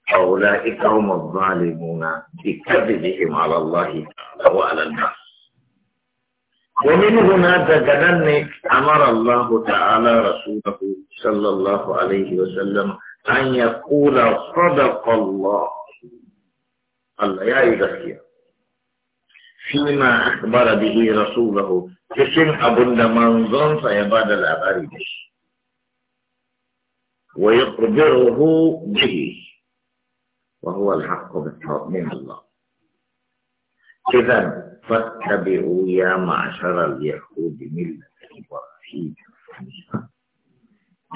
فأولئك هم الظالمون بكذبهم على الله تعالى وعلى الناس ومن هنا تجنن أمر الله تعالى رسوله صلى الله عليه وسلم أن يقول صدق الله الله يا إلهي فيما أخبر به رسوله كسن أبن ظن فيبادل أباري بشي ويخبره به وهو الحق من الله إذا فاتبعوا يا معشر اليهود ملة إبراهيم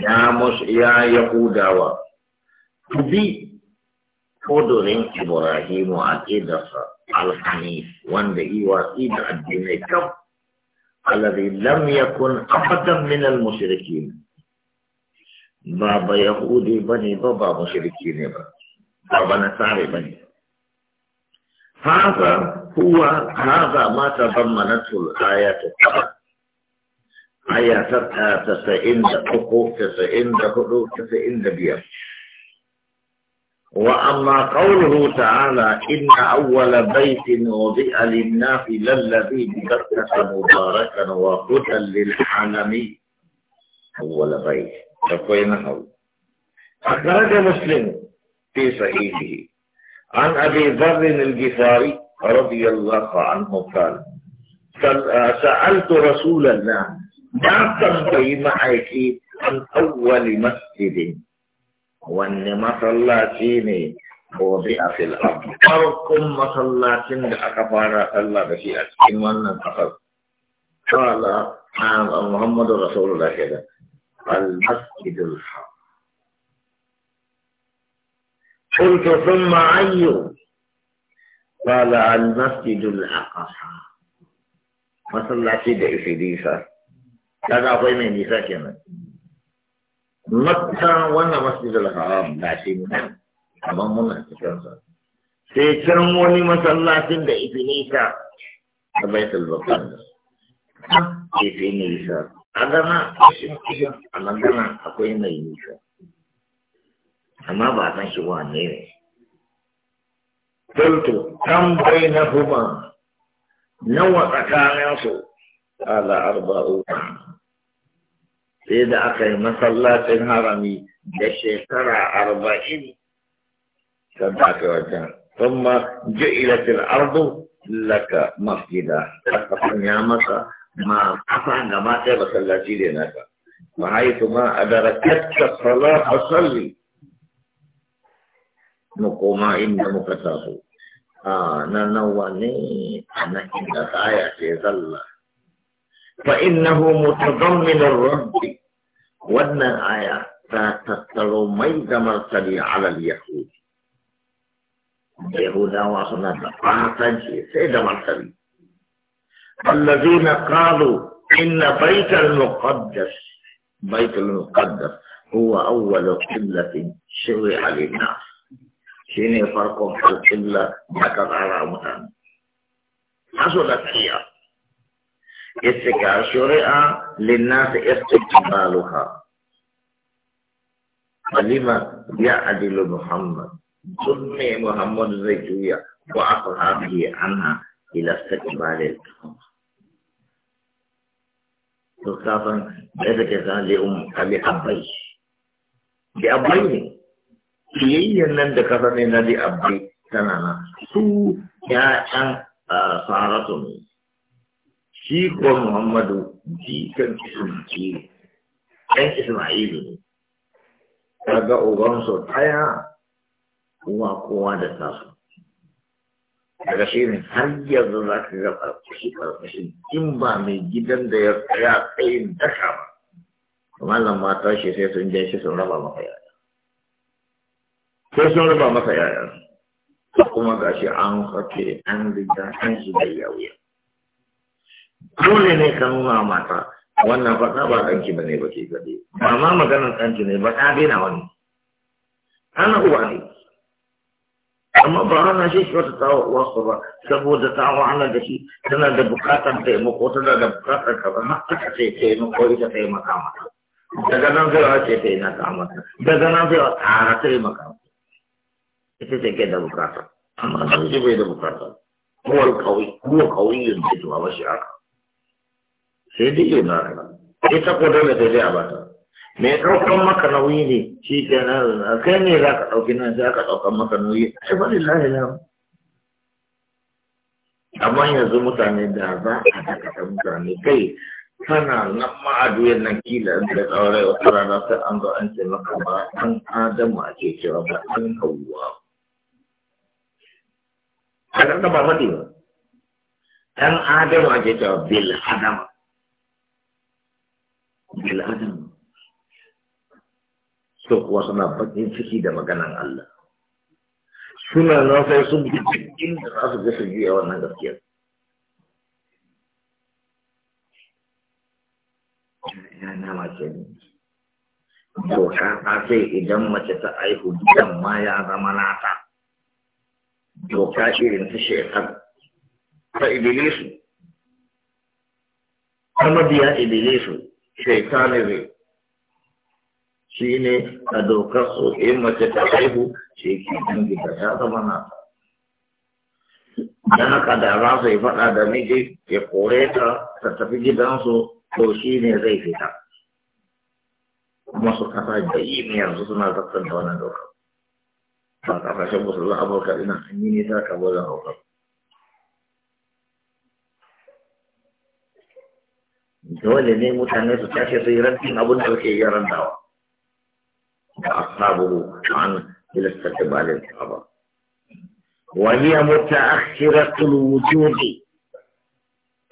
يا مش يا يهودا تبي قدر إبراهيم عقيدة الحنيف وندهي وعقيدة الدين الكف الذي لم يكن أحدا من المشركين ba يهودي بني ba ne ba ba mashirki ne هذا هو هذا ما تضمنته الآيات السبع آيات تسعين دقوق تسعين دقوق تسعين دقيق وأما قوله تعالى إن أول بيت وضع للناس للذي بكرة مباركا وهدى للعالمين أول بيت تقوي نحو أخرج مسلم في صحيحه عن أبي ذر الجفاري رضي الله عنه قال سألت رسول الله ما تنبي معك عن أول مسجد وأن هو وضع في الأرض صلى مصلاتين أكبر الله في أسكن وأن أخذ قال نعم، محمد رسول الله كذا المسجد الحرام قلت ثم أي قال المسجد الأقصى ما مثلا سيدة إفديسة كان أخوي من ديسة كمان مكة وانا مسجد الحرام لا لكن من أمامنا تكرسة سيكون وني مثلا سيدة إفديسة أبيت البطن إفديسة a gana kishin kishin a magana akwai mai nisa amma ba san shi wane ne Kultu, kan bai na huma nawa su. ala arba'u, sai da aka yi masallacin harami da shekara arba'in kan ta kai wajen ثم جئلت الأرض لك مسجدا أتفهم يا masa. ما قطع جماعة بسلاتي لناك وحيث ما أدركت الصلاة فصلي نقوم إن مكتاسو آه ننواني أنا إن آية ظل فإنه متضمن الرب وأن آية تتطلو ميد مرتدي على اليهود يهودا وصلنا تقاطا شيء سيد مرتدي الذين قالوا إن بيت المقدس بيت المقدس هو أول قبلة شرع للناس شيني فرق القبلة ذكر على متن حصلت هي استكا شرع للناس استقبالها فلما يعدل محمد ظلم محمد زكية وأصحابه عنها ila istiqbalil to kafan da take zan le um kali abai di abai ne kiyayyen nan da kasa ne na di abai tana nan su ya'yan saratu ne shi ko muhammadu kan jikan ke? Yan isma'ilu ne kaga ubansu ɗaya uwa kowa da tasu daga shi ne har yanzu za ka ga ƙarƙashi ƙarƙashi in ba mai gidan da ya tsaya tsayin daka ba kuma nan ma shi sai sun je shi sun raba maka yaya sai sun raba masa yaya kuma ga shi an hake an riga an shiga yawuya dole ne ka nuna mata wannan faɗa ba ɗanki ba ne ba ke gaɗe ba ma maganar ɗanki ne ba ɗa na wani ana uwa ne amma ba rana shi shi wata tawa uwarsa ba saboda ta wahala da shi tana da bukatar taimako tana da bukatar kaza har aka ce taimako ita taimaka mata daga nan zai wa ce ka mata daga nan zai wa tsara taimaka mata ita ce ke da bukata amma sun shi bai da bukata kowal kawai kowa kawai yin da ba shi haka sai dai yana ita ko dole sai dai a bata ما يدعوكم ما كنويني شي كان كان يراك او كنا ذاك او كما كنوي شوف لله لا اما يزو متاني دا با متاني كي كان لما ادوي نكيل انت اور اور انت انت انت ما كما ان ادم اجي جواب ان هو ada apa mati dan ada wajib jawab bil adam bil adam su kuwa suna bakin ciki da maganan Allah suna na sai sun bi cikin da za su ga su juya wannan gaskiyar ina nama ke doka ta ce idan mace ta aihu gidan ma ya zama nata doka irin ta shekar ta ibilisu ta mabiya ibilisu shekar ne shi ne a dokar su in mace ta haihu shi ke ɗan gida ya zama na da haka da za su yi faɗa da miji ya kore ta ta tafi gidansu to shi ne zai fita kuma su kasa da yi ne yanzu suna zartar da wannan dokar ba ƙasashen musulun amurka ina an yi nisa ka wajen haukar dole ne mutane su tashi su yi rantin abin da suke yi rantawa وأصحابه عن إلى استقبال الكعبة وهي متأخرة الوجود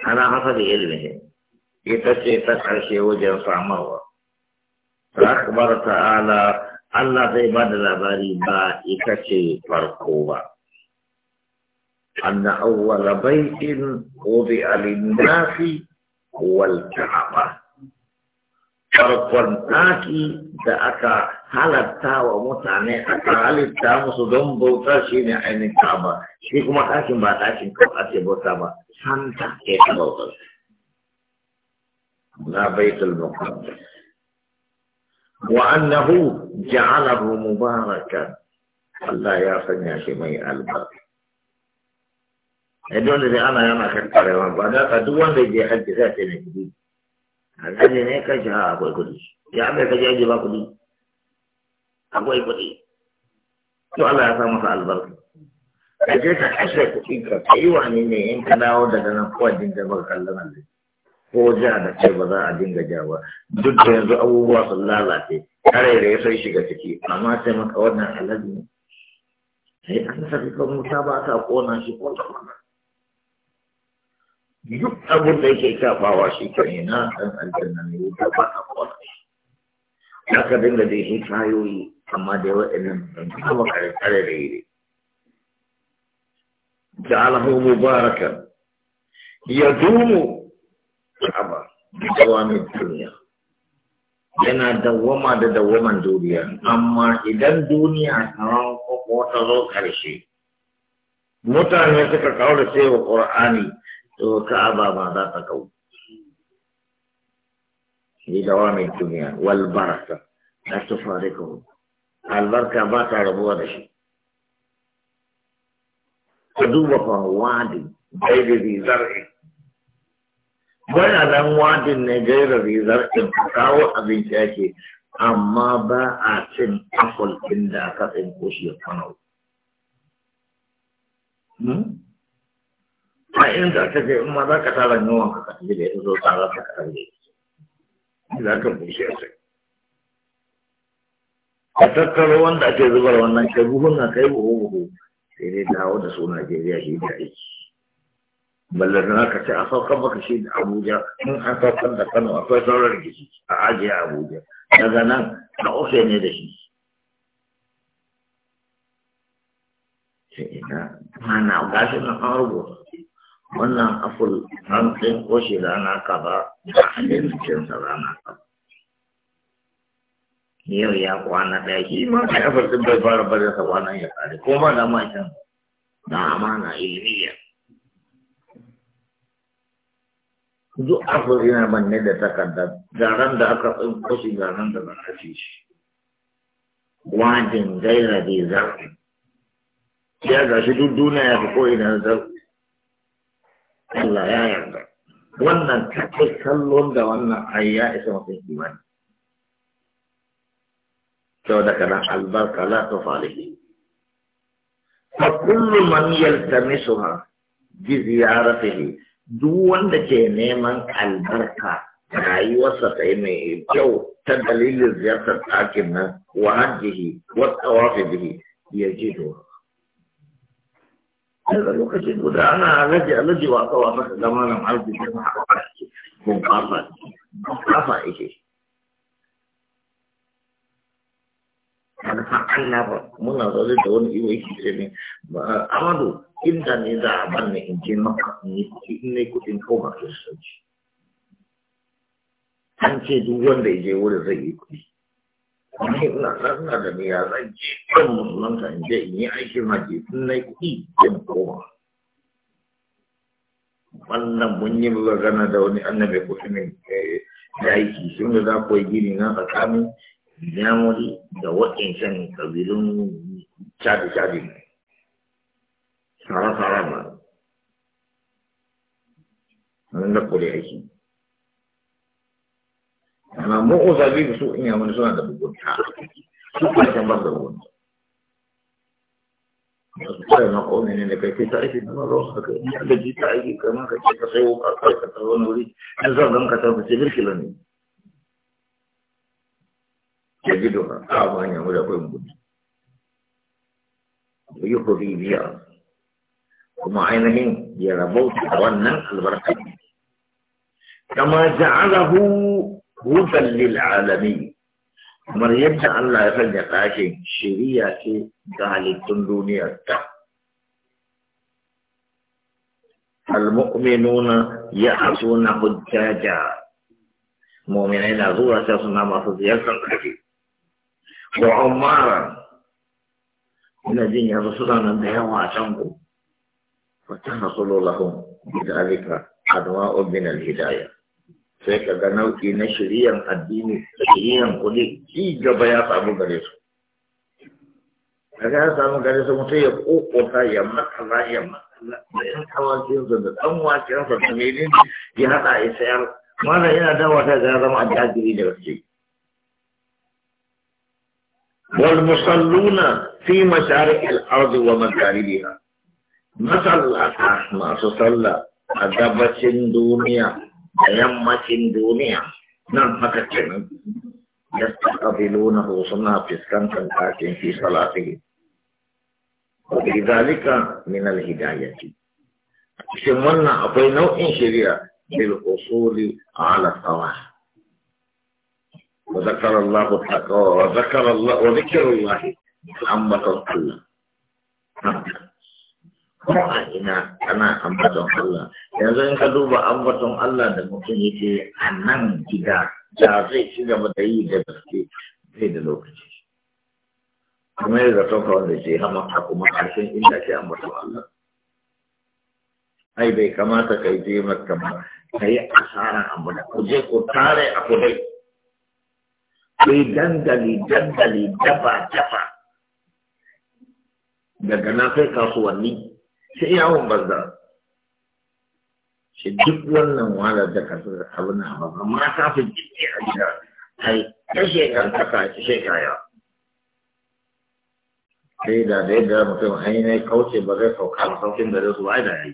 على Ita علمه ta تكرشي وجه صعمه فأخبر تعالى Allah zai ba da labari ba ita ce farko ba. Anna awwala baitin wudi alinnafi wal ka'aba. Farkon ɗaki da aka halatta wa mutane a halitta musu don bauta shi ne ainihin kaba shi kuma ɗakin ba ɗakin ko ake bauta ba santa ke ta bautar na baitul muqaddas wa annahu ja'alahu mubarakan Allah ya sanya shi mai albarka eh dole sai ana yana karkarewa ba da ka duk wanda ya hajji sai ne kudi a ne kai shi ha akwai kudi ya bai kaje aje ba kudi akwai kuɗi to Allah ya sa masa albarka ka je ka kashe kuɗi ka kai wa ne in ka dawo daga nan ko dinga baka kallon Allah ko ja da ce ba za a dinga ja ba duk da yanzu abubuwa sun lalace kare da ya sai shiga ciki amma sai maka wannan alaji ne sai an sabi ka muta ba ta kona shi ko ta kona. duk abin da yake kafawa shi kan yana dan aljanna ne ba ta kona Ya ka dinga da shi tayoyi amma dai waɗannan don kama kare da yi ja'alahu mubarakan yadumu aba dawamin duniya yana dawama da dawaman duniya amma idan duniya ta ko ta zo karshe mutane suka kaura sai wa qur'ani to ka'aba ba za ta kau li dawamin duniya wal baraka la tufarikuhu albarka ba ta rabuwa da shi ka duba fa wadi gairi zar'i baya dan wadin ne gairi zar'i kawo abinci ake amma ba a cin afol ɗin da aka tsinko shi ya kwana hmm? a inda ta ce in ma za ka tara yawan ka ka tafi da ya zo tsara ta ka tafi da ya za ka bushe sai a tattaro wanda ake zubar wannan kai buhun na kai buhu buhu sai dai dawo da su Najeriya ke da aiki ballar na ka ce a saukan maka shi da Abuja in an saukan da Kano akwai sauran rikici a ajiye Abuja daga nan na ofe ne da shi sai ina mana gashi na wannan aful an ɗin ko shi rana kaza da halin cikin sa rana kaza yau ya kwana ɗaya shi ma a yi ɗin bai fara barin sa kwanan ya tsari ko ba da mashin na amana ilmiya duk afir yana manne da takarda garan da aka tsinko shi garan da ba a fi shi wajin gaira da zarfi ya ga shi duk duniya ya fi ko ina zarfi Allah ya yarda wannan kakai kallon da wannan ayya isa mafi imani تودكنا البركة لا تفعله فكل من يلتمسها بزيارته دون دكيني من البركة رأيوة ستيني جو تدليل زيارة تاكنا وحجه والتواف به يجدها هذا لوكتي بدا انا رجع لجي واتواف كمانا معرفة جمعة وحجه مقافة مقافة ايه kada fa Allah ba muna zaune da wani iwo yake ce ne Amadu inda ne za a banne in je maka in ne kuɗin koma kiristanci an ce duk wanda ya je wurin zai yi kuɗi amma ina ina da niyya zan je kan musulunta in je in yi aikin haji in na kuɗi in koma wannan mun yi magana da wani annabi ko ne da aiki sun da za ku yi gini na tsakanin memory da waɗancan ƙabilun cadi-cadi ne, fara ba, wani da kure aiki. Amma mu'u zabi da su in da suna da bugunta, su can ba da bugunta. kai na ƙone ne da kai kai ta aiki na maro haka in ka gaji ta aiki kamar ka ce ka sai ka kai ka tsawon wuri in zan ka ta fice birkila ne. يجدها صعبة أن يعود فينبت ويخرج بها ثم عينه يرى موت وانا البركة كما جعله هدى للعالمين مر يبدا الله يفعل نقاشي شريعة قال الدنيا المؤمنون يعصون حجاجا مؤمنين غورة يصنع ما فضي يلقى الحجيج wa umara ina jin yanzu suna nan da yawa a can ku fata hasulu lahum bidalika adwa'u min al hidaya sai ka ga nau'i na shiriyan addini shiriyan kuɗi ci gaba ya samu gare su kaga ya samu gare su mutum ya kokota ya matsala ya matsala da yan kawakinsa da ɗan wakensa da menene ya haɗa ya sayar mana yana dawata ta ga zama a jajiri da gaske والمصلون في مشارق الأرض ومغاربها مثل ما ادب أدبة دنيا أيمة دنيا نعم يستقبلونه صنع في سكن في صلاته وبذلك من الهداية سمنا أبي إن شريع للحصول على الصلاح وذكر الله التقوى وذكر الله وذكر الله أمة الله ina ana ambaton Allah yanzu in ka duba ambaton Allah da mutum yake a nan gida da zai ci gaba da yi da gaske zai da lokaci kuma ya zato ka wanda ke hamata kuma ƙarshen inda ke ambaton Allah ai bai kamata ka yi je maka ka yi asaran abu da ku je ku tare a kudai sai dandali dandali dafa dafa daga na sai kasuwanni sai yawon banza shi duk wannan walar da ka tsira abu na ba amma ta fi jiki a gida ai ta shekar ta ka ci shekaya sai da da yadda mutum ainihin kauce ba zai sauka ba saukin da zai su ba da yi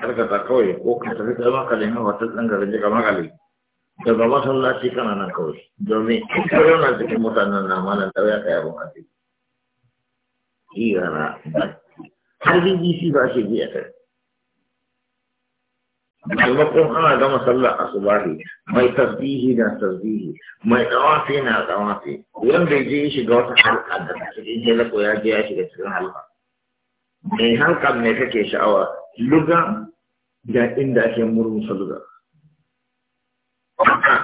karkata kawai ko ka tafi kai maka da wata ta tsangar jika makale daga masallaci kana nan kawai domin in ka zauna cikin mutanen na malam da ya kai abin arziki hira ba har BBC ba shi biya ta maimakon ana gama sallar asubahi mai tasbihi na tasbihi mai tsawafi na tsawafi wanda ya je ya shiga wata halka da ta cikin helako ya je ya shiga cikin halka mai halka mai kake sha'awa luga da inda ake murmusa luga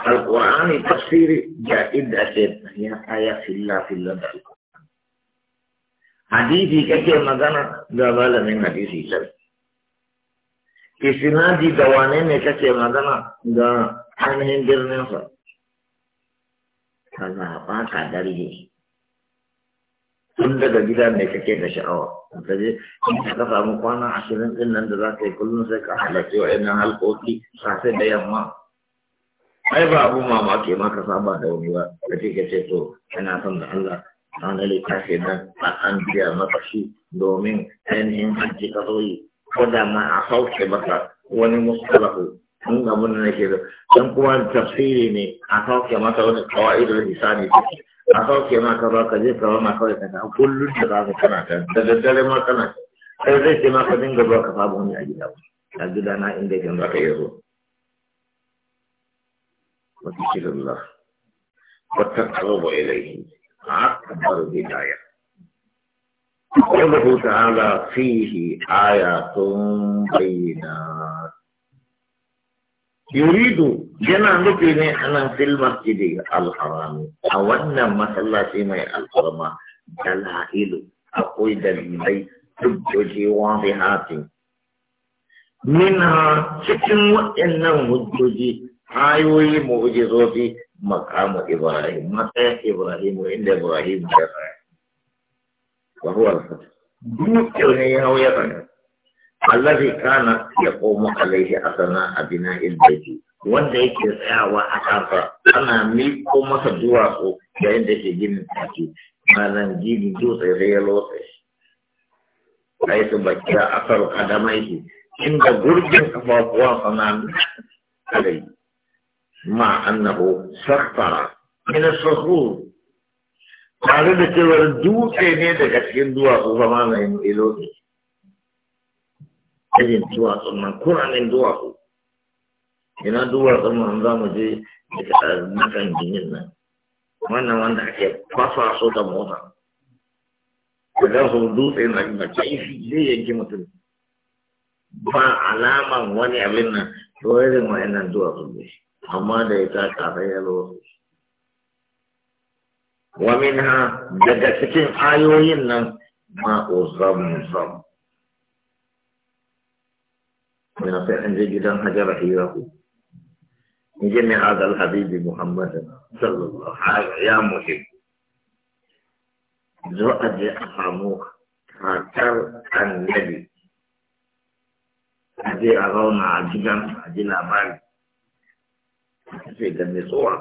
Al-Qur'ani tafsir jaid asid ya ayat fila fila dari Hadis ini kerja magana gawal dengan hadis ini. Kisina di dawane ni kerja magana gak aneh dirinya. gida apa kake da sha'awa? gajida ni kerja kerja awak. Jadi kita kalau mukana asyik dengan dalam sekolah nusa kahalat. Jadi nahl kau ti sahaja yang mah ai ba abu mamaki ma ka saba da wani ba da kike ce to kana son da Allah ranar littafi nan a an biya masa shi domin ainihin hajji ka zo ko da ma a sauke masa wani mustalahu in ga mun ne da dan kuma tafsiri ne a sauke masa wani kawa'idul hisani a sauke ma ka ba ka je ka ma kawai ka ta kullum da za ka kana ta da daddare ma kana sai zai ce ma ka dinga ba ka samu wani a gida a gida na inda kan za ka iya zuwa وذكر الله والتقرب إليه أكبر بداية قوله تعالى فيه آيات بينات يريد جنا نبني أنا في المسجد الحرام أولنا مثلا سيمي الحرام دلائل أقوي دليلي تبجي واضحات منها شكل وإنه هجوجي ayoyi mu'jizofi makamu ibrahim matsayin ibrahim inda ibrahim ya tsaya wa huwa al-fath duk ne ya hau ya tsaya allazi kana yaqumu a asana abina al-bayti wanda yake tsayawa a kafa ana miko masa duwatsu da yadda ke ginin take malam gini dutse sai ya lotsa shi ai su bakiya asar kadamai inda gurgin kafafuwan sana alai مع أنه سخطر من الصخور معلومة الوردو كان هذا كتير دواء وضمانا إنه إلوني إذن دواء من قرآن إن دواء إن دواء من دواء دي مكان جنينة وانا وانا حكي فاسع صوت موتا وقالوا دوت إن أجمع كيف يجي يجي مطلوب ba alama wani abin nan to yadda ma'ayyana zuwa su ne amma da ita kafin ya zo wa minha daga cikin ayoyin nan ma'u zamzam من فعل جدا هجر حيره من هذا الحبيب محمد صلى الله عليه وسلم يا محب زؤد أفهموه فاتر النبي أجي أغونا عجلا عجلا بالي sai ga nutsuwa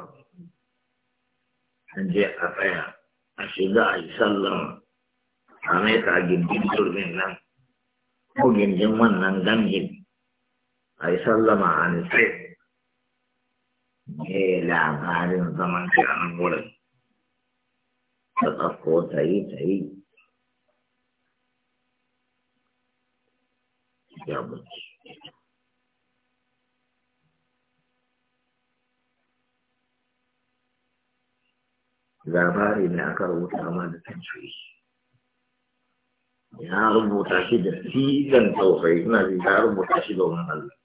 an je a tsaya a shiga a yi sallama a mai ka gindin turbin nan ko gindin wannan gangin a yi sallama a nutse ne labarin zaman shi a nan wurin ta tsakko ta yi ta yi ya buci labari ne aka rubuta ma da century ya rubuta shi da sigan tausayi Ina zai ya rubuta shi da wani Allah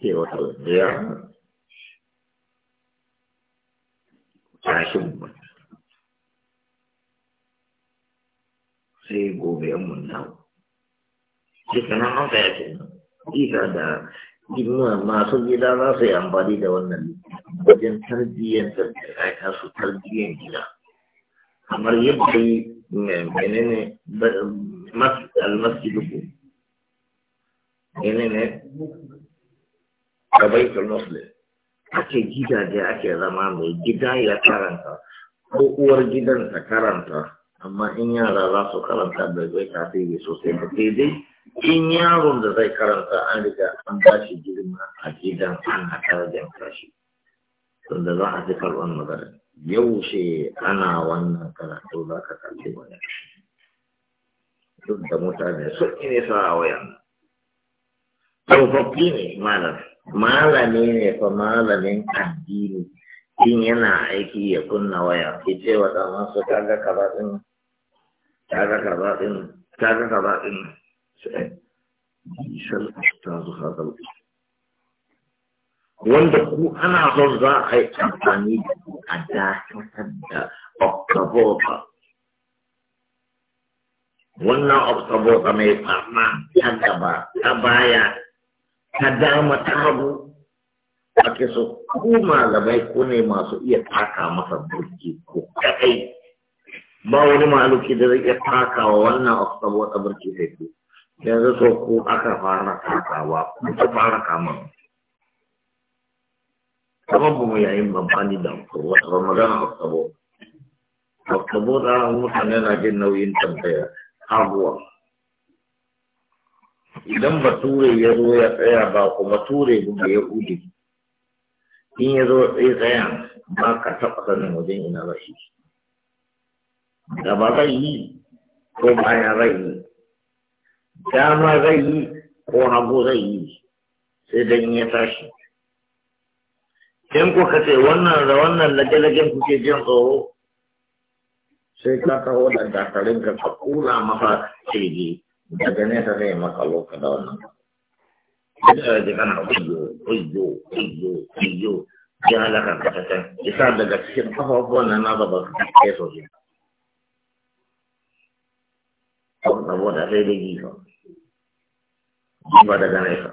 ke wata ya tashin mu sai gobe mun dawo dukkanin hausa ya ce ita da masu gida za su yi amfani da wannan wajen tarbiyyar da su tarbiyyar gida kamar yadda yi menene almasjidu ku menene gabaitul muslim ake gidaje ake zama mai gida ya karanta ko uwar gidan ta karanta amma in yara za su karanta da zai yi sosai da daidai in yaron da zai karanta an riga an ba shi girma a gidan ana tarjan kashi tunda za a fi karɓar magana yau ce ana wannan karatu za ka kalli wani duk da mutane sun ne sa a wayan tsofaffi ne malam malami ne fa malamin addini in yana aiki ya kunna waya Ki ce wa wasu kaga kaza ɗin kaga kaza ɗin kaga kaza ɗin bisar ta su haɗa wanda ku ana son za a yi amfani da ku a dakatar da oktobota wannan oktobota mai farma ta gaba ta baya ta dama ta hagu ake so ku malamai ku ne masu iya taka masa burki ko kaɗai ba wani maluki da zai iya taka wa wannan oktobota burki sai ku yanzu so ku aka fara kakawa ku ta fara kamun kamar bu mu yayin bambani da wata ramadan a oktobo oktabo da mutane na jin nauyin tambaya abuwa idan ba Ture ya zo ya tsaya ba kuma ture da ya yahudi in ya zo ya tsaya ba ka taɓa sanin wajen ina rashi shi da ba zai yi ko ba ya zai yi dama zai yi ko go zai yi sai dan ya tashi in ka ce wannan da wannan lage-lagen kuke jin tsoro sai ka taho da dakarun ka ka kula masa shege daga nesa zai maka loka da wannan da ji kana kuyo kuyo kuyo kuyo ya halaka ka ta can isa daga cikin kafafuwan nan na gaba ka kai sosai saboda sai da gifa ba daga nesa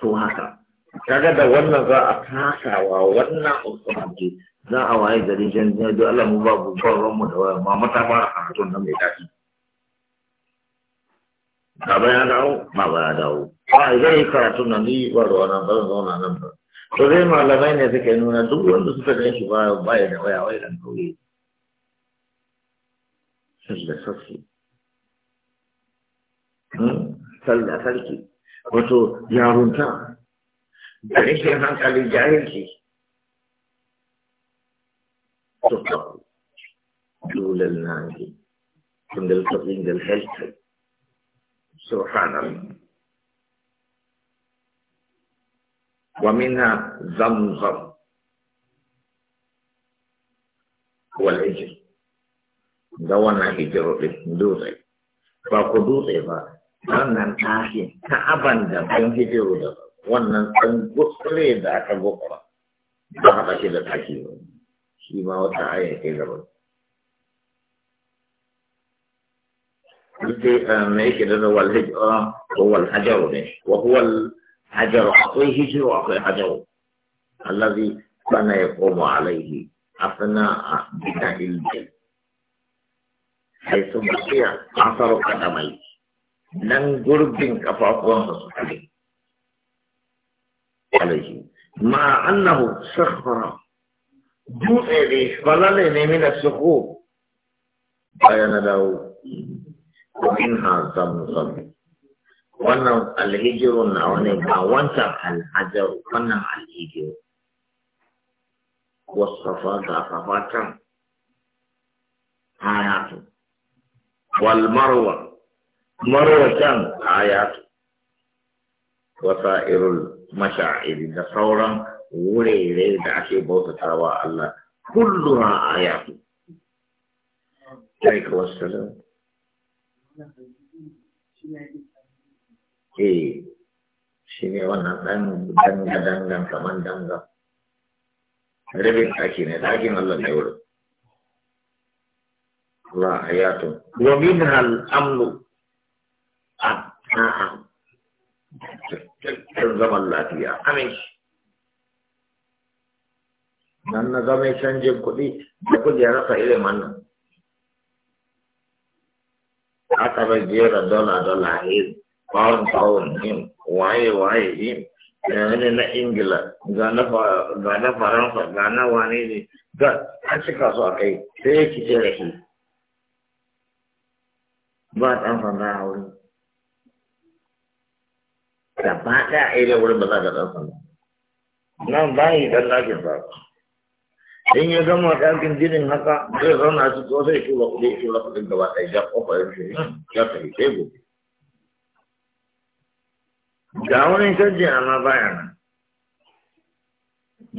to haka kaga da wannan za a tasawa wannan usulunci za a waye gari jan jan duk Allah mu ba babban ranmu da waya ma mata ba a hatun nan mai tafi baba ya dawo ma ba ya dawo a zai yi karatu na ni ba da wannan ba zan zauna nan ba to dai malamai ne suke nuna duk wanda suka gan shi ba ya da waya wai dan kauye sai da sassi sallah sarki wato yarunta da rashin hankali jahilci تقع لولا الناجي من التقين الهلك سبحان الله ومنها زمزم والعجل دوانا هجر دوزي فاقو دوزي فاقو wannan tashin ka'aban da ɗan hijiru da wannan ɗan gutsure da aka gukura ba haɗa shi da tashi ba shi ma wata aya ke gaba ita me yake da wal hijra ko wal hajar ne wa huwa al hajar akwai hijiru akwai hajar allazi kana yaqumu alaihi afna bida'il haythu baqiya asaru qadamai nan gurbin kafafuwansa su kare alaihi ma annahu sakhara dutse ne falale ne mina suku baya na dawo ko in ha zamzam wannan alhijiru na wani ba wancan alhajar wannan alhijiru wasafa ga safa can hayatu wal marwa marwatan ayatu wasa'irul masha'iri da sauran wurare da ake bauta bautatawa Allah kulluha ayatu alaika wassalam eh shi ne wannan dan danga dangan kaman danga rabin ɗaki ne ɗakin Allah ne wurin Allah ayatu wa minha al-amnu a'a cikakken zaman lafiya aminci nan na zama canjin kuɗi da rasa irin wannan aka bai jera dola dola yin pound pound yin waye waye yin wani na ingila ga na faransa ga na wane ne ga an cika su a kai sai ya kice da shi ba ɗan sanda a wurin gaba ɗaya a ila wurin ba za ka ɗan sanda nan ba yi ɗan ɗakin ba in ya gama ɗakin jinin haka zai zauna a cikin wasu ya tura kuɗi ya tura kuɗin gaba ɗaya ya ƙofa ya rushe hmm, ya tafi sai gobe ga wani canjin amma baya nan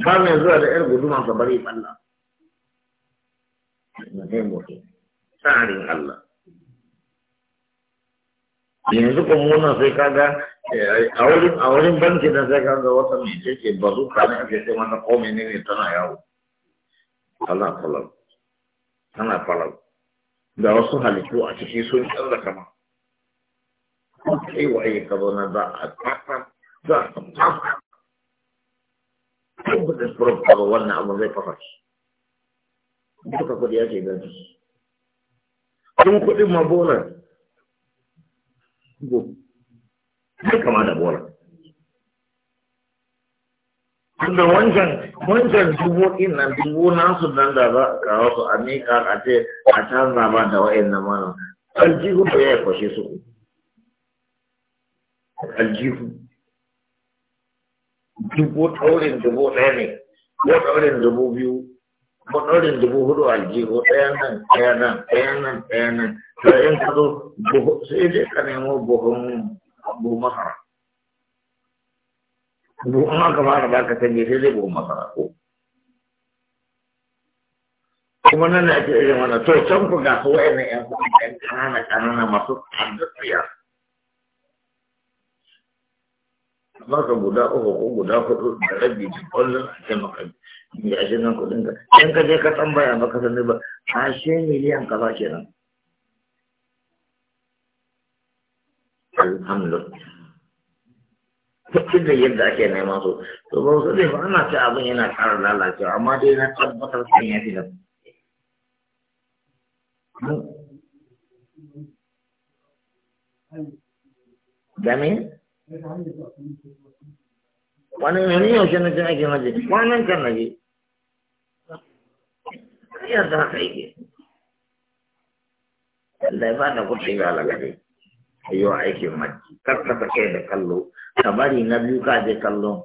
ba mai zuwa da ƴar guduma ka bari ɓalla zai tsarin Allah yanzu kuma muna sai kaga Eh, a wurin banki da sai kan ga wata mai ce ba zuka ne ake ce ko mene ne tana yawo tana falau tana falau da wasu halittu a ciki sun canza kama kai waye ka zo na za a za a wannan abu zai fasa shi duka kudi ya gani kudin gobe sai kama da bola tunda wancan wancan dubu ɗin nan dubu nasu nan da za a kawo su a miƙa a ce a canza ba da wa'in na mana aljihu da ya kwashe su aljihu dubu ɗaurin dubu ɗaya ne ko ɗaurin dubu biyu ko ɗaurin dubu hudu aljihu ɗaya nan ɗaya nan ɗaya nan ɗaya nan to in ka zo sai dai ka nemo buhun abu masara buhun ka ma ka baka sanye sai zai bu masara ko kuma nan da ake irin wannan to can ku ga su wa'annan yan kuɗi ɗan ƙanana ƙanana masu tsaddiya maka guda uku ko guda hudu da rabi da kullum a ce maka da nan kuɗin ka in ka je ka tambaya maka sani ba ashe miliyan kaza kenan alhamdu kuɗin da yadda ake nema su to ba su ne ba ana ci abin yana ƙara lalacewa amma dai na tabbatar sun ya fi da Dami? Wani wani yaushe na cin ake maje, kwanan kan na je. Yadda haka yake. Allah ya ba da kuɗi ga alagari. ka aikin hajji kar ka da kallo ka bari na biyu ka je kallon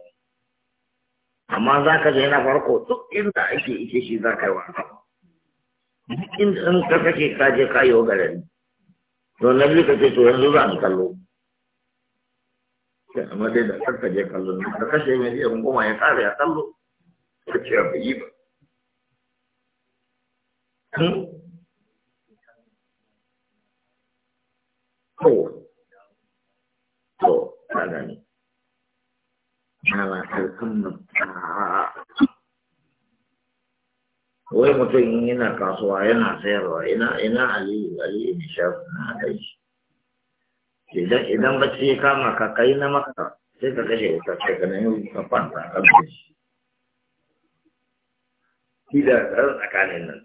amma za ka je na farko duk inda ake ike shi za ka yi wa duk inda in ka sake ka je ka yi wa garari to na biyu ka ce to yanzu za mu kallo amma dai da karka je kallo kallon ka kashe mai iya goma ya kare ya kallo ka ce ba yi ba hmm? to to ka gani ana alhamdulillah wai mutum yana kasuwa yana sayarwa ina ina aliyu aliyu ne shafi na kai idan idan bacci ya kama ka kai na maka sai ka kashe wuta sai ka nemi ka fanta kan shi ki da tsakanin nan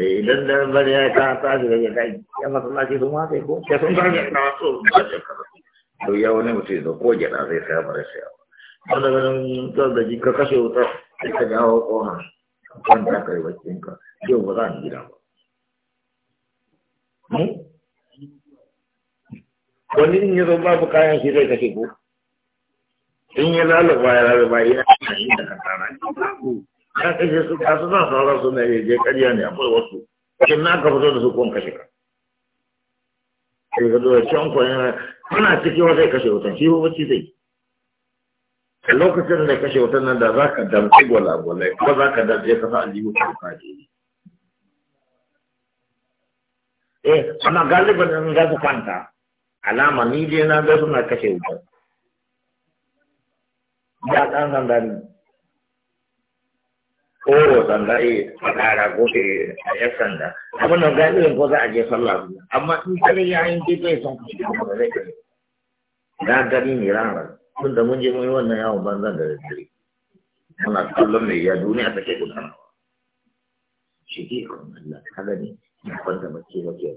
idan da bari ya ka ta shi daga kai ya masallaci sun watsa ko ya sun bar da so? to ya wani mutum da ko gyada zai saya mara saya ba da ganin zan da ka kashe wuta sai ka dawo kona kan ta kai bakin ka yau ba za ni gida ba wani in ya zo babu kayan shi zai kashe ko in ya lalaba ya lalaba yana yi da kasara babu ka kashe su ka su na sauran su ne je ƙarya ne akwai wasu kin na ka fito da su kun kashe ka sai ka zuwa can ko yana kana ciki wata ya kashe wutan shi hukunci zai lokacin da kashe wutan nan da za ka damci gwalagwalai ko za ka damce ka sa aljihu ka kaje eh amma galiban in za su kwanta alama ni dai na ga suna kashe wutan ya ɗan sanda ne koro sanda a fadara ko a ya sanda abin nan ga irin ko za a je sallah amma in kare ya yin je bai son ku zai kare da gani ne ranar tun da mun je mun yi wannan yawon banzan da dare muna kallon mai ya duniya take gudanarwa shi ke kan Allah ka gani na kwanta bace bace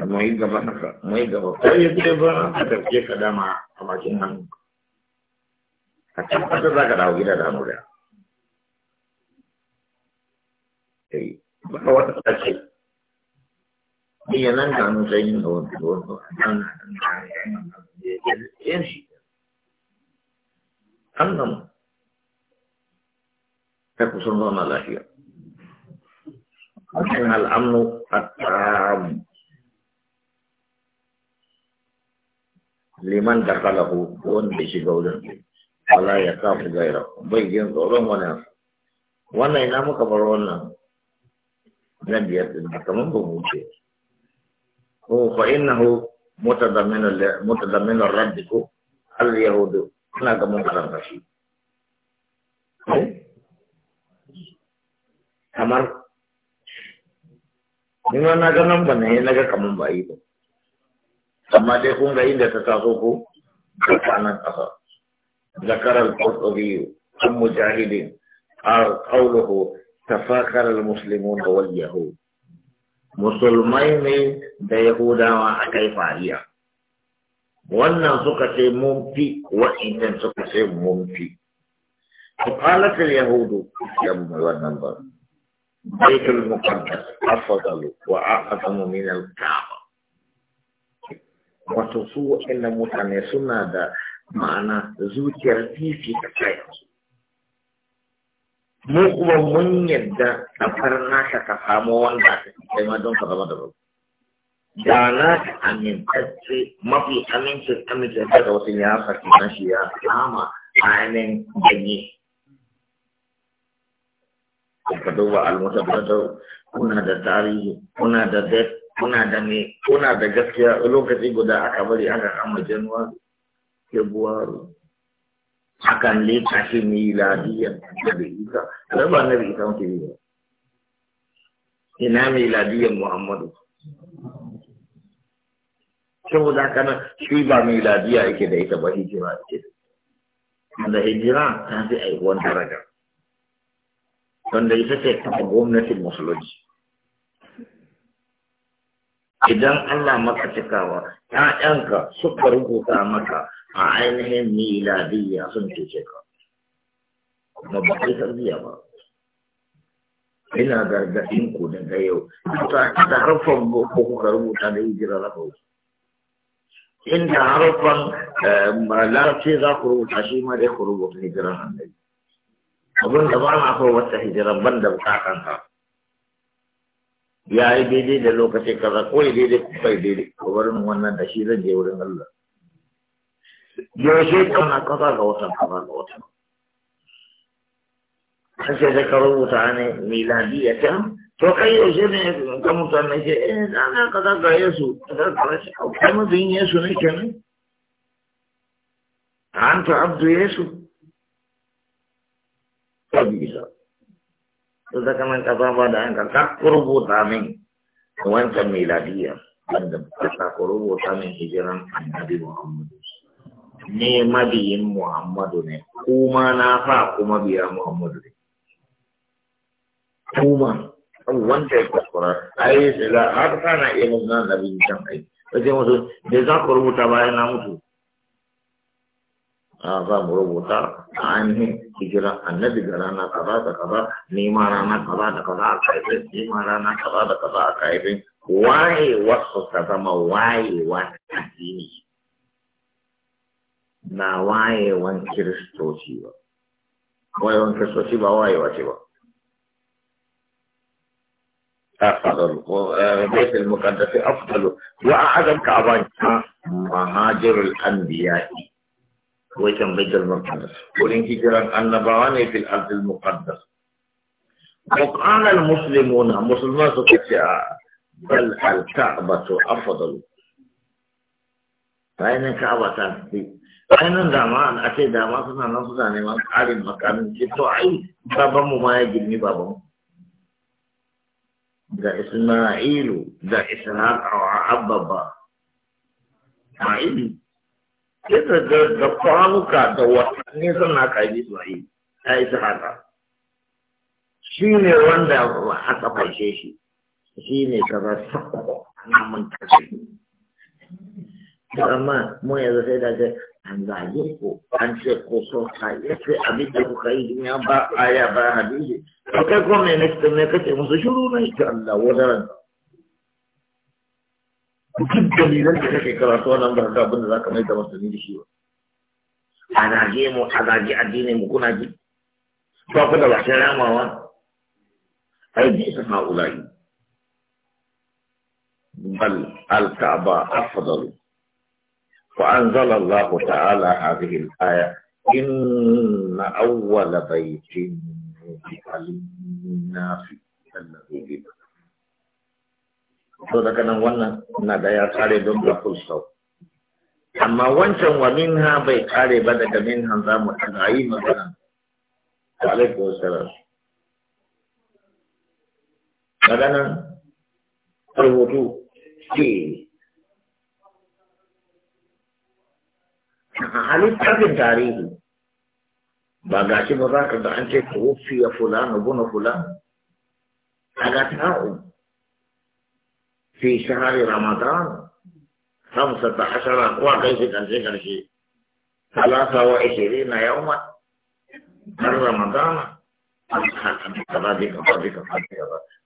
amma yi gaba haka mai gaba ko ya ke ba a tafiye ka dama a bakin hannu a cikin ƙasa za ka dawo gida da hannu da ba wata tsace iya nan da mun sai yin wani wani nan yan shi an nan ta kusan zama lafiya akan al'amnu a tam liman dakalahu wanda shiga wurin wala ya kafu gaira bai gina tsoron wani wannan ina muka bar wannan na biyar din da kamar ba mu ce ko fa innahu mutadamminul mutadamminur radd ko al yahudu ina ga mun karanta shi eh? kamar ni ma na ga nan ba ne na ga kamar ba yi ba amma dai kun ga inda ta taso ko da kanan kasa ذكر القرطبي عن مجاهد قوله tafakar al-muslimun wal yahud musulmai ne da yahudawa a kai fariya wannan suka ce mun fi suka ce mun fi فقالت اليهود يوم والنمبر بيت المقدس أفضل وأعظم من الكعبة وتصوء mutane suna da ma'ana زوجر في ta تكايز mu kuma mun yadda kafar naka ka samo wanda aka kai ma don ka zama da babu da na ka amintacce mafi amincin amincin da wasu ya saki na shi ya kama ainihin ganye ka duba almutabbatar kuna da tarihi kuna da det kuna da me kuna da gaskiya lokaci guda aka bari aka kama januwari februari akan leka shi miladiyyar annabi isa sai ba isa muke yi ba ina miladiyyar muhammadu saboda kana shi ba miladiyya yake da ita ba hijira yake da hijira ta fi aihuwan daraja wanda ita ce ta gwamnatin musulunci idan Allah maka cikawa ‘ya'yanka suka rubuta maka a ainihin miladiyya sun cece ka kuma ba kai tarbiyya ba ina gargaɗin ku daga yau ta da harfan boko kuka rubuta da jira na bauchi inda harfan malarci eh, za ku rubuta shi ma dai ku rubuta hijiran annabi abin da ba na so wata hijiran ban da bukatan ka ya yi daidai da lokacin kaza ko ya daidai ko bai daidai ko barin wannan da shi zan je wurin Allah yaushe kana kaza ga watan kaza ga watan kashe da karo rubuta ne ya ta to kai yaushe ne ka mutane ke eh dana kaza ga Yesu da ko kai bin Yesu ne an ta abdu Yesu tabi isa to da kaman ka saba da yanka ka rubuta min wancan miladiya wanda ka ku min hijiran annabi Muhammadu ne mabiyin Muhammadu ne kuma na fa kuma biya Muhammadu ne kuma wanda ya kuskura ai da har kana iya mun nan da bin can ai wajen wasu da za ku rubuta bayan na a ah, za mu rubuta a ainihin hijira annabi ga rana kaza da kaza nema rana kaza da kaza a kaifin nema rana kaza da kaza a kaifin wayewa su ta zama wayewa ta addini na wayewan kiristoci ba wayewan kiristoci ba wayewa ce ba أفضل بيت المقدس أفضل وأعظم كعبان مهاجر الأنبياء ويتم بيت المقدس والانهجار النبواني في الارض المقدس وقال المسلمون مسلمات كتاء بل الكعبة أفضل فأين الكعبة تنفي أين دامان أتي دامان سنة نفسها نمان علي مكان جدو أي بابا مما يجبني بابا دا إسماعيل دا إسحاق أو عبابا عائلي yadda da kwanuka da watanni suna kaji su yi ta yi haka shi ne wanda aka fashe shi shi ne kaza sako ana mun tashi amma mu yanzu sai da ce an zage ko an ce ko so ta yace abin da kuka yi duniya ba aya ba hadisi to kai ko me ne me kace musu shiru ne ta Allah wadaran duk dalilan da kake karatu nan ba abin da za mai da musulmi da shi ba a zage mu a zage addinin mu kuna ji ba ku da ba sai ramawa ai bi sa haulai bal al-ka'ba afdalu ta'ala الله تعالى هذه الآية إن أول بيت وجه للناس الذي ببكة to daga nan wannan na da ya kare don da full stop amma wancan wa minha bai kare ba daga minhan za mu daga yi magana alaikum assalam magana rubutu ce halittar tarihi ba ga shi ba za ka ga an ce tuwufi ya na guna fulani a ga ta'un في شهر رمضان خمسة عشر وقيت الذكر شيء ثلاثة وعشرين يوما من رمضان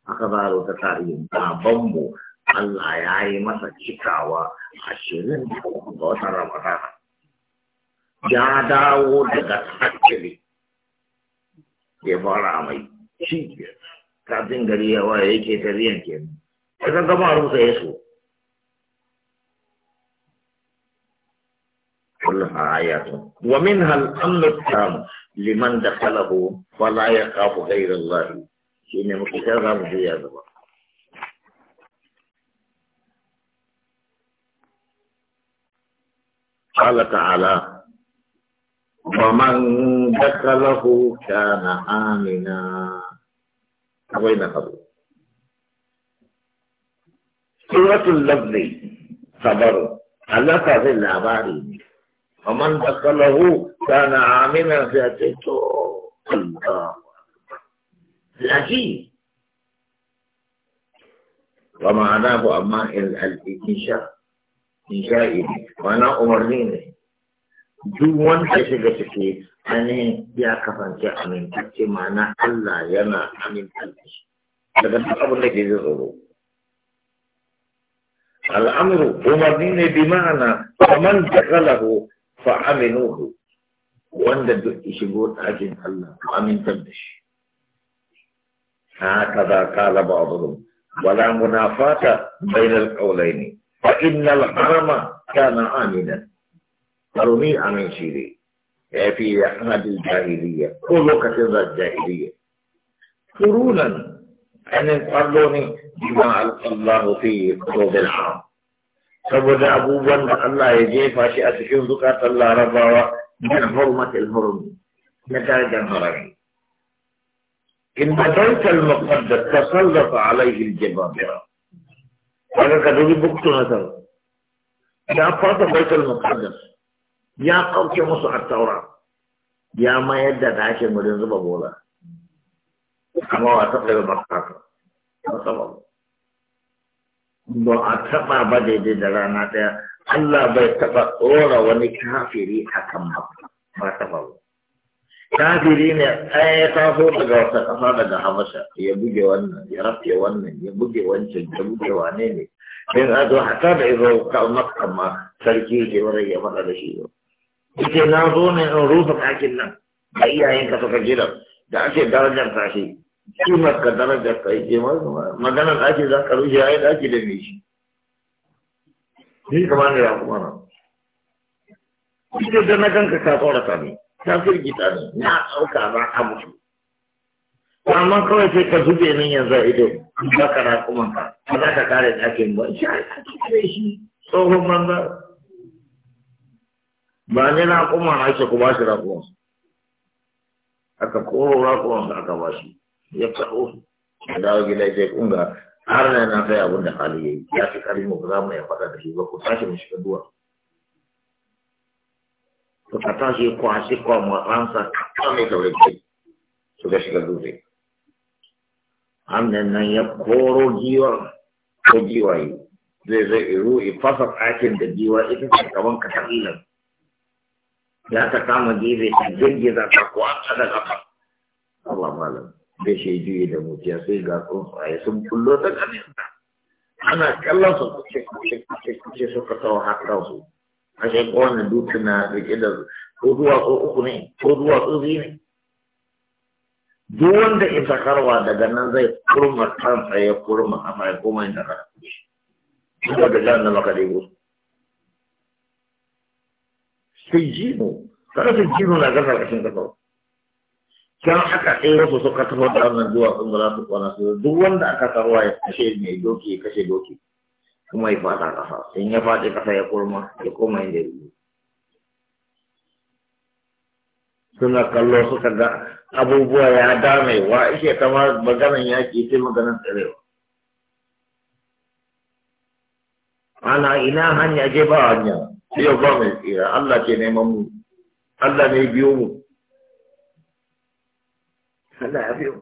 هكذا لو تتعلم بامبو ألا يعي مثل شكاوة عشرين بوضوط رمضان يا داود قد حكلي يبارا مي شيء تعطين قريه ويكي تريان كيف idan gaba a rusa yesu كلها آيات ومنها الأمن التام لمن دخله فلا يخاف غير الله شيء مكتسبها مزيادة قال تعالى ومن دخله كان آمنا أبين قبل kurratun lafzai Allah halaka zai labari ne kamar da kalahu ta na amina fi a ce to kalta lafi ba ma'ana ba amma al'ikisha insha iri mana umarni ne duk wanda shiga ciki ainihin ya kasance amintacce ma'ana Allah yana amintacce daga duk abin da ke zai tsoro الامر هو دين بمعنى فمن دخله فعملوه فامنوه وان يقول اجن الله وامن تمشي هكذا قال بعضهم ولا منافاة بين القولين فإن الحرم كان آمنا فرمي عن سيري إيه في أحمد الجاهلية كل وقت الجاهلية قرونا أنا يقرروني بما ألقى الله في قلوب العام فبدا ابوبا الله يجي فاشي اتشون ذكرت الله ربا من حرمة الحرم نتاج الحرم إن بدلت المقدس تسلط عليه الجبابرة هذا كدولي بكتو نتر يا فاطة بيت المقدس يا قوتي مصحة التوراة يا ما يدى تعيش المدينة بابولا amma ba taɓa yi ba haka musamman ba a taɓa ba daidai da rana ɗaya Allah bai taɓa tsora wani kafiri a kan ba taɓa ba kafiri ne ɗaya ya taso daga wata ƙasa daga habasha ya buge wannan ya rafe wannan ya buge wancan ya buge wane ne in a zo hata da izo ka maka ma sarki ke wurin ya faɗa da shi ba. Ita na zo ne in rufe ɗakin nan a iyayen ka suka gidan da ake darajar tashi kimar ka darajar ka yake magana da za ka rushe ai ɗaki da me shi ni kama ne ya kuma na kuma da na ganka ka tsorata ne ta firgita ne na ɗauka ba a mutu amma kawai sai ka zube nan yanzu a ido ba ka na kuma ka ba za ka kare dakin ba shi a kare shi tsohon banza ba ne na kuma na shi kuma ba shi kuma. aka koro rakuwan da aka ba shi ya kawo ya dawo gida ya ce kunga har na na kai abin da hali ya yi ya fi karfi mu za mu ya faɗa da shi ba ku tashi mu shiga duwa ku ka tashi kwa kwamma ransa kakka mai kawai kai su ga shiga dutse hannun nan ya koro jiwa ko giwaye zai zai iru ifasa ɗakin da giwa ita ce kaman katakilan za ta kama gefe ta girgiza ta kwanta da kafa Allah malam bai shi juye da mutiya sai ga tsuntsaye sun kullo ta ƙarfinta ana kallon su kuce kuce kuce kuce suka kawo hakan su a shi kowane dutse na rike da ko duwatsu uku ne ko duwatsu biyu ne duk wanda in karwa daga nan zai kurma kansa ya kurma amma ya koma inda ka kuma da jan da maka dai gusu sijjinu kada sijjinu na gasa kashin kasa haka, aka rasu su ka taho da wannan duwatsun ba za su kwana su duk wanda aka tarwa ya kashe mai doki ya kashe doki kuma ya fada kasa in ya fadi kasa ya kurma ya koma inda ya yi suna kallo suka ga abubuwa ya dame wa ishe ta ma maganan yaƙi sai maganan tsarewa ana ina hanya je ba hanya sai ya ba mai tsira Allah ke neman mu Allah ne biyo mu Allah ya biyo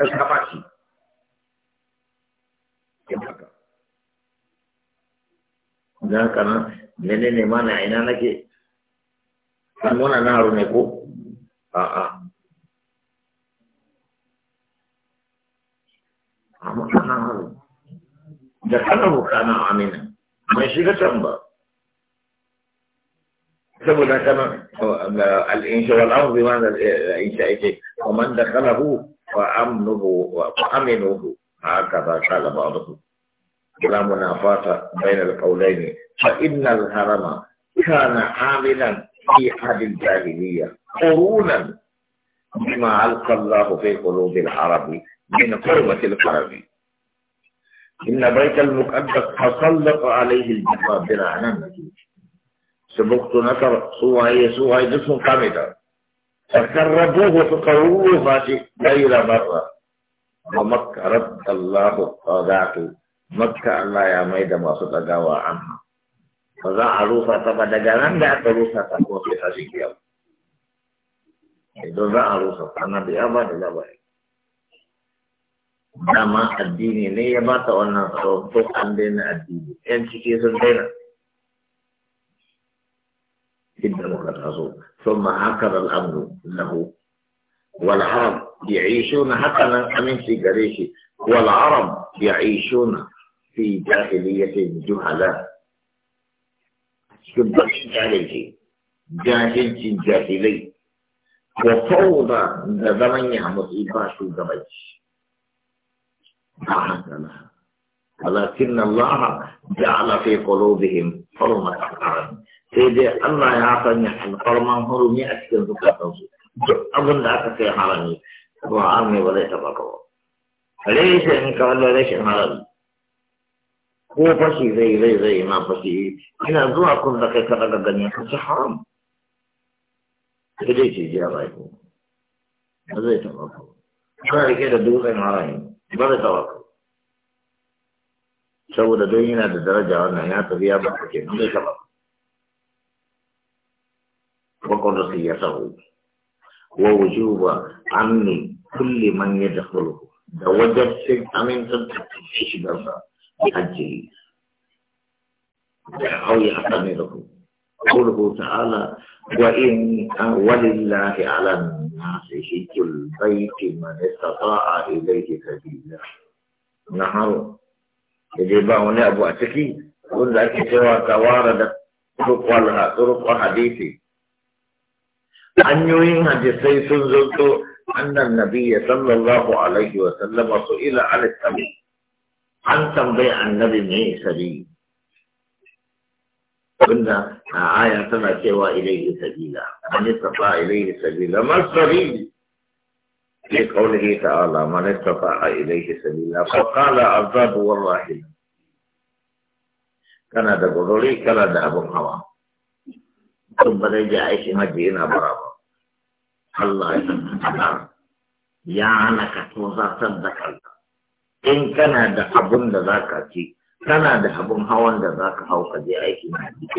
ya kafa shi da haka nan mene ne mana ina nake an muna na ne ko a amma ana haru da kana bukana amina mai shiga can ba سبب كما الإنشاء الأرض بمعنى الإنشاء شيء ومن دخله فأمنه فأمنه هكذا قال بعضهم لا منافاة بين القولين فإن الهرم كان عاملا في عهد الجاهلية قرونا بما ألقى الله في قلوب العرب من قرمة الكرم إن بيت المقدس تسلط عليه الجبابرة عن النبي سبقت نكر سوى سوى جسم كاملة فكربوه فقروه فاشي غير مرة ومك رد الله الطاغات مكة الله يا ميدا ما صدقوا عنها فذا عروفة فدقنا لا تروفة تقوى في حسيك يوم إذا ذا عروفة فأنا بأبد لا بأي نما الدين ليه ما تقولنا wannan tsaro to an daina addini yan جدا وقد ثم هكذا الأمر له والعرب يعيشون هكذا أمين في قريشي والعرب يعيشون في جاهلية جهلاء شبك جاهلتي جاهلتي جاهلي وفوضى زمن يعمل إباش وقبش ولكن الله جعل في قلوبهم حرمة الحرم sai dai Allah ya sanya alfarman hurumi a cikin zukatansu duk abin da aka kai harami ba a ne ba zai taba ka ba reshen kawai rashin harami ko fashi zai zai zai ma fashi ina zuwa kun da kai kada ga gani ka ci haram sai dai ce jiya ba ko ba zai taba ka ba rike da dutsen harami ba zai taba ka saboda don yana da daraja wannan ya tafi ya ba ka ke nan zai taba ka bokon do ci yataw wo wujuba anni kulli man yadkhulu da wajab ci amin tan ci ci da sa haji da haw ya tan do ko qul hu ta'ala wa in walillahi ala nasi hijjul bayti man istata'a ilayhi sabila nahar jadi bangunnya Abu Atiki pun dari cewa kawara dan turuk walha, turuk hanyoyin hadisai sun zanto annan nabiyya sallallahu alaihi wa sallama su ila ala sabi an tambayi annabi me sabi tunda a aya tana cewa ilaihi sabila an istafa ilaihi sabila mal sabi في قوله تعالى من استطاع إليه سبيلا فقال العذاب والراحل كان ده قدولي كان ده أبو هوا ثم رجع إيش مجينا برابر Allah ya tabbatar ya hana ka tozartar da kanka in kana da abun da za ka ci kana da abun hawan da za ka hau ka je aiki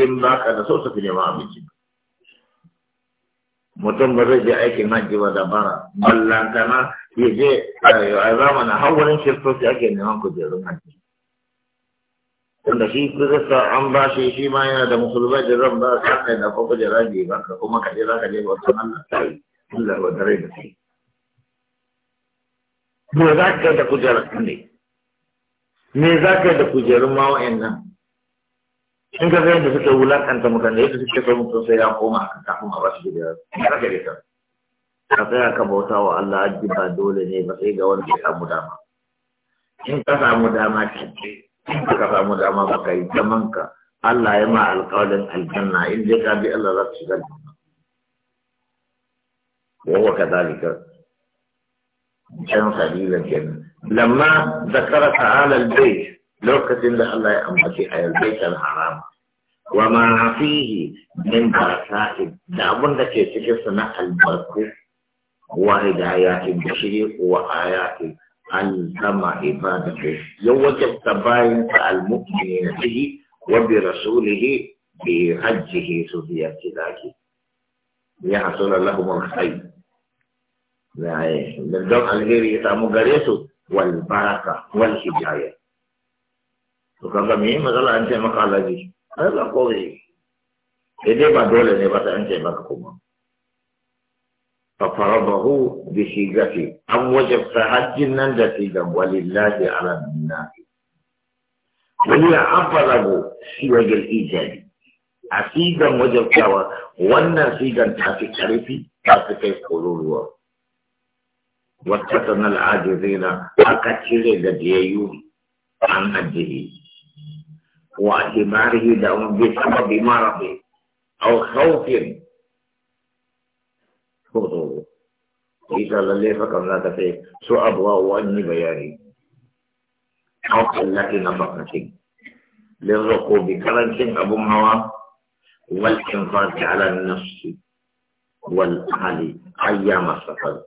in ba ka da so tafi nema abinci mutum ba zai je aikin hajji ba da bara na ya je eh, a zamanin har wurin kiristoci ake neman kujerun hajji wanda shi sa an ba shi shi ma yana da musulmai da zan ba ka da kuma kujera ba ka kuma ka je za ka je wata Allah ta yi Allah wa dare da za ka da da kujerun ma wa'annan in ka zai suke wulakanta mutane yadda suke so mutum sai koma a kafin a basu kujerar ka da ka tsaya ka bauta wa Allah aji dole ne ba sai ga wanda ya samu dama in ka samu dama kike in ka samu dama ba yi zaman Allah ya ma alƙawarin aljanna in dai ka bi Allah za ka shiga وهو كذلك كان قليلا كان لما ذكر تعالى البيت لوكة الله أمتي أي البيت الحرام وما فيه من بركات ان لك تكسنا البركة وهدايات البشر وآيات ألزم عبادته يوجب تباين المؤمنين به وبرسوله بحجه سبيا كذلك ليحصل لهم الخير yaye eh. don alheri ya samu gare su wal baraka wal hidaya to kaga me matsala an ce maka alaji ai ba kowai sai dai ba dole ne ba ta an ce maka kuma ففرضه بصيغته أم وجب فحج نندتيجا ولله على الناس وهي أبلغ سوى الإيجاد أسيغا وجب كوا وانا سيغا تافي كريفي تافي kai قولوا واتقن العاجزين أكثر جديو عن أجله واعتباره لهم بسبب مرض أو خوف إذا للي فكر لا تفي سوء أبواء وأني بياري أو قلة نفقة للركوب كرنس أبو هوا والإنفاق على النفس والأهل أيام السفر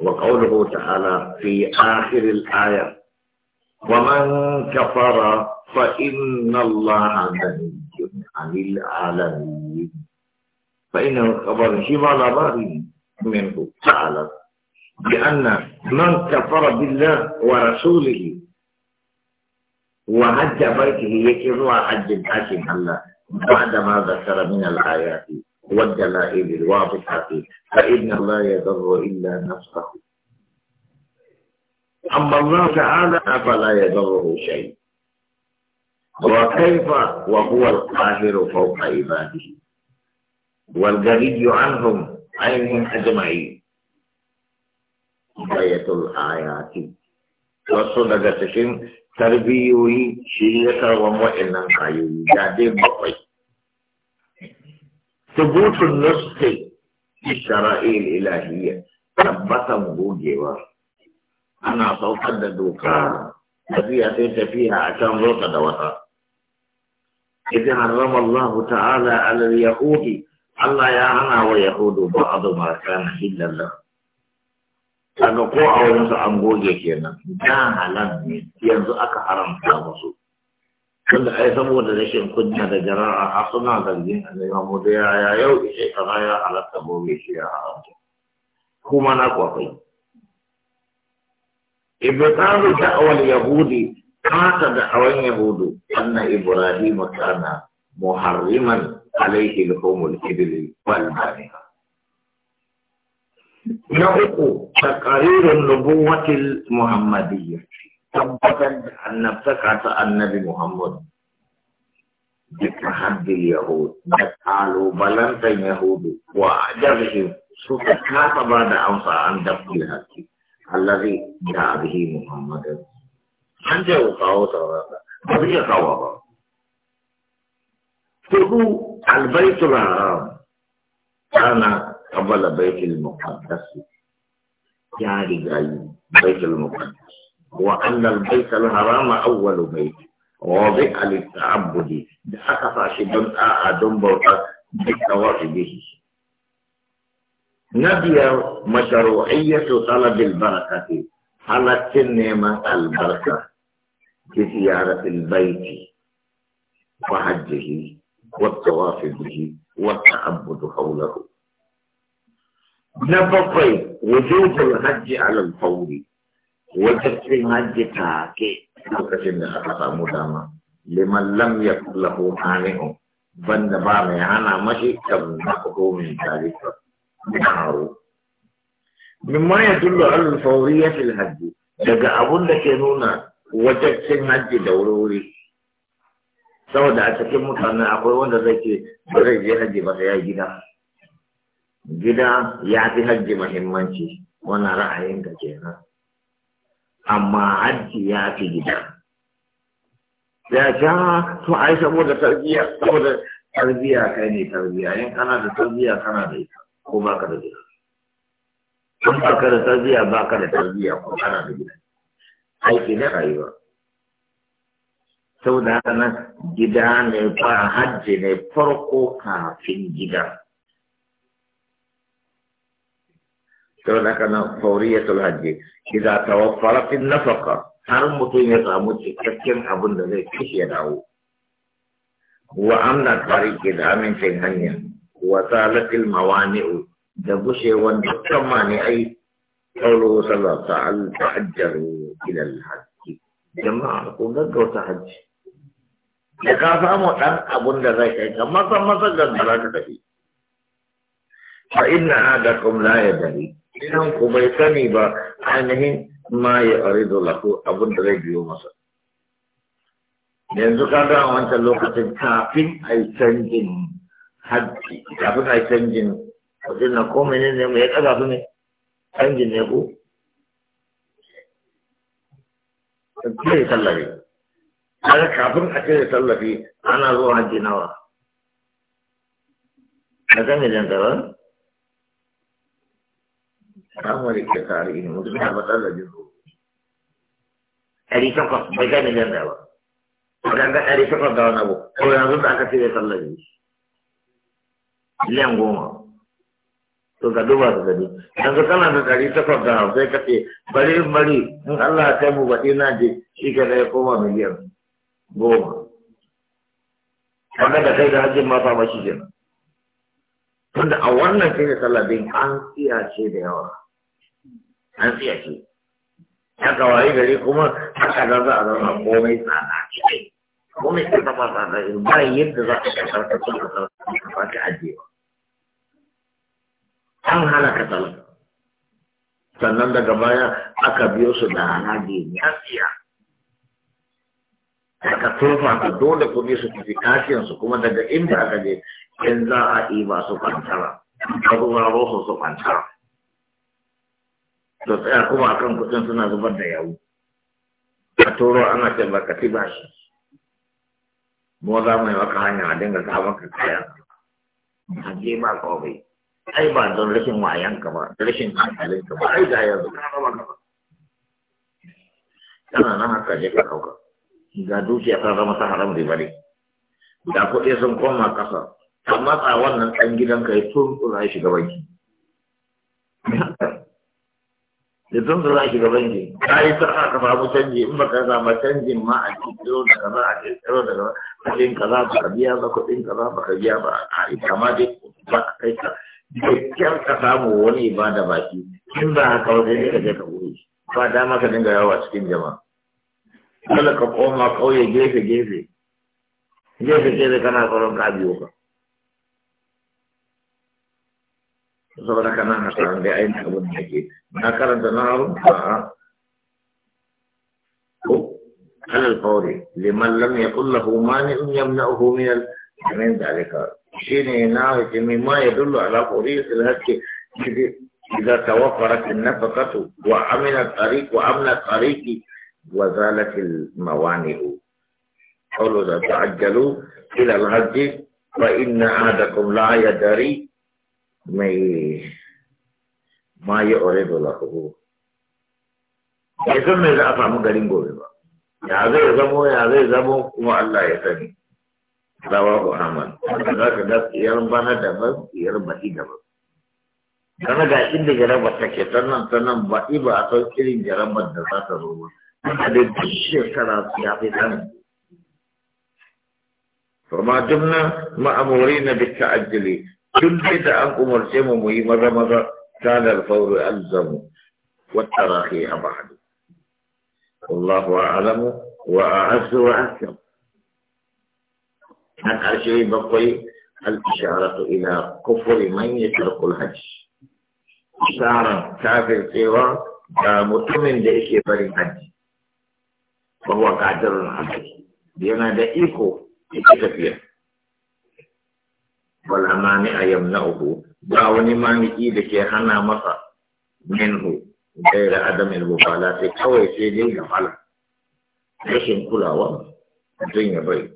وقوله تعالى في آخر الآية ومن كفر فإن الله غني عن العالمين فإنه الخبر شبه على لبار منه تعالى بأن من كفر بالله ورسوله وحج بيته يكروا حج الحاكم الله بعدما ذكر من الآيات والدلائل الواضحة فإن الله يضر إلا نفسه أما الله تعالى فلا يضره شيء وكيف وهو القاهر فوق عباده والغني عنهم عنهم أجمعين بيت آية الآيات وصدق تشم tarbiyoyi shi ya tarwan wa'annan kayoyi da dai bakwai tubutun nuske isra'il ilahiyya tabbatan gogewa ana saukar da doka tafiya sai tafiya a can rota da wata idan harrama Allah ta'ala alal yahudi Allah ya hana wa yahudu ba'd ma kana hillallah kaga ko a wani su an goge kenan da halal ne yanzu aka haramta musu a ai saboda rashin kunya da jara'a har suna zargin annabi mu da ya yau ishe kaza ya halatta gobe shi ya haramta kuma na kwafai da da'wal yahudi kata da'awan yahudu anna ibrahim kana muharriman alaihi al ibli wal نعق تقرير النبوة المحمدية تبقى أن نبتكة النبي محمد بتحدي اليهود قالوا بلنت اليهود وأعجبهم سكتات بعد أوصى عن دفع الحق الذي جاء به محمد أنت وقاوة هذا وهي قوابا تقول البيت الحرام كان قبل بيت المقدس يعني جاي بيت المقدس وأن البيت الحرام أول بيت واضح للتعبد بحق فاشد أعدون بوتا بالتواف به نبي مشروعية طلب البركة على النعمة البركة بزيارة البيت وحجه والتواف به والتعبد حوله Na bakwai, wajen hajji alal fauri, wajen cin hajji ta ke lokacin da aka samu dama, liman lam ya kula ko hannu ba mai hana mashi kan na kudu mai tarifa maharu. Mimma ya dullo alal fauri ya fil hajji, daga abun da ke nuna wajen cin hajji da wurwuri. Saboda a cikin mutane akwai wanda zai ce ba zai je hajji ba sai ya gida. gida ya fi hajji mahimmanci wani ra'ayin ka kenan amma hajji ya fi gida ya ja to ai saboda tarbiyya saboda tarbiyya kai ne tarbiyya in kana da tarbiyya kana da ita ko ba ka da gida in ka da tarbiyya ka da tarbiyya ko kana da gida aiki na rayuwa saboda haka nan gida ne fa hajji ne farko kafin gida saboda haka nan fauriyatul hajji idza tawaffarat an-nafaqa har mutum ya samu cikakken abin da zai kashe ya dawo wa amna tariki da amincin hanya wa salatil mawani'u da gushewar dukkan mani'ai قوله Jama'a ko gaggauta وسلم تعجلوا ka samu جماعة abin da zai kai مؤتن أبن لغيك كما ثم tafi? ملاك فإن عادكم لا يدري idan ku bai sani ba ainihin ma ya arido lahu abin da zai biyo masa yanzu ka ga wancan lokacin kafin a yi canjin hajji kafin a yi canjin wajen na komai ne ne mu ya kaza su ne canjin ne ku cire tallafi kaga kafin a cire tallafi ana zuwa hajji nawa na kan miliyan tara samun rike tare ne mutum na matsar da jizo ɗari takwas bai kai miliyan da ba wajen ga ɗari takwas da wani abu ko yanzu da aka cire sallar yi miliyan goma to ka duba da gani yanzu kana da ɗari takwas da sai ka ce bari bari in Allah ya kai mu baɗi na je shi ka zai koma miliyan goma kaga da kai da hajjin ma fama kenan tunda a wannan sai da sallah din an tsiyace da yawa an siya ke Ya kawai gari kuma haka da za a zama komai tsada ce komai ta zama tsada in ba yadda za a kasar ta kuma kasar ta ba ta ajiyewa an hana ka sannan daga baya aka biyo su da haraji ya siya aka tofa ka dole kuɗi su tafi kashiyansu kuma daga inda aka je in za a ba su kwantara ka zuwa rosu su kwantara da tsaya kuma kan kudin suna zubar da yawu a turo ana ce ba ka ba shi mu za mu yi maka hanya a dinga ka maka kayan a je ba kawai ai ba don rashin wayanka ba rashin ka ba ai da yanzu ka raba ka ba kana nan haka je ka kauka ga dukiya ta zama ta haram riba ne da kuɗi sun koma ƙasa amma tsawon nan ɗan ka ya tunkura ya shiga banki da tun da za ki gaban ki ka yi ta aka samu canji in ka samu canjin ma a kirkiro da kaza a kirkiro da kaza kuɗin kaza ba ka biya ba kuɗin kaza ba ka biya ba a ita ma dai ba a kai ka kyakkyar ka samu wani ba da baki in ba haka wajen ne ka je ka wuri ba dama ka dinga yawa cikin jama'a dole ka koma kauye gefe gefe gefe gefe kana tsoron ka biyo ka زبر الفوري لمن لم يكن له مانع يمنعه من من ذلك شيء ناوي كمي ما يدل على فوري سلهك إذا توفرت النفقة وعمل الطريق وعمل الطريق وزالت الموانع قولوا تعجلوا إلى الهج فإن عهدكم لا يدري mai ma yi orido lahu ya san me za a samu garin gobe ba ya zai zamo ya zai zamo kuma Allah ya sani rawahu Ahmad za ka ga tsiyar bana daban tsiyar baɗi daban kana ga inda jarabar take sannan sannan baɗi ba a san irin jarabar da za ta zo ba ana da duk shekara ya fi sani فما دمنا مأمورين بالتعجل كل dai da an umarce مرة مرة كان الفور ألزم والتراخي أبعد والله أعلم وأعز وأحكم كان أشياء بقي الإشارة إلى كفر من يترك الحج إشارة كافر سوى متمن لإشي بري حج فهو قادر عليه لأن ده إيكو إتفير wala mani ayam na ubu bawo ni mani ki da ke hana masa minhu gaira adam il mubala sai kawai sai dai ga fala rashin kulawa mutum ya bai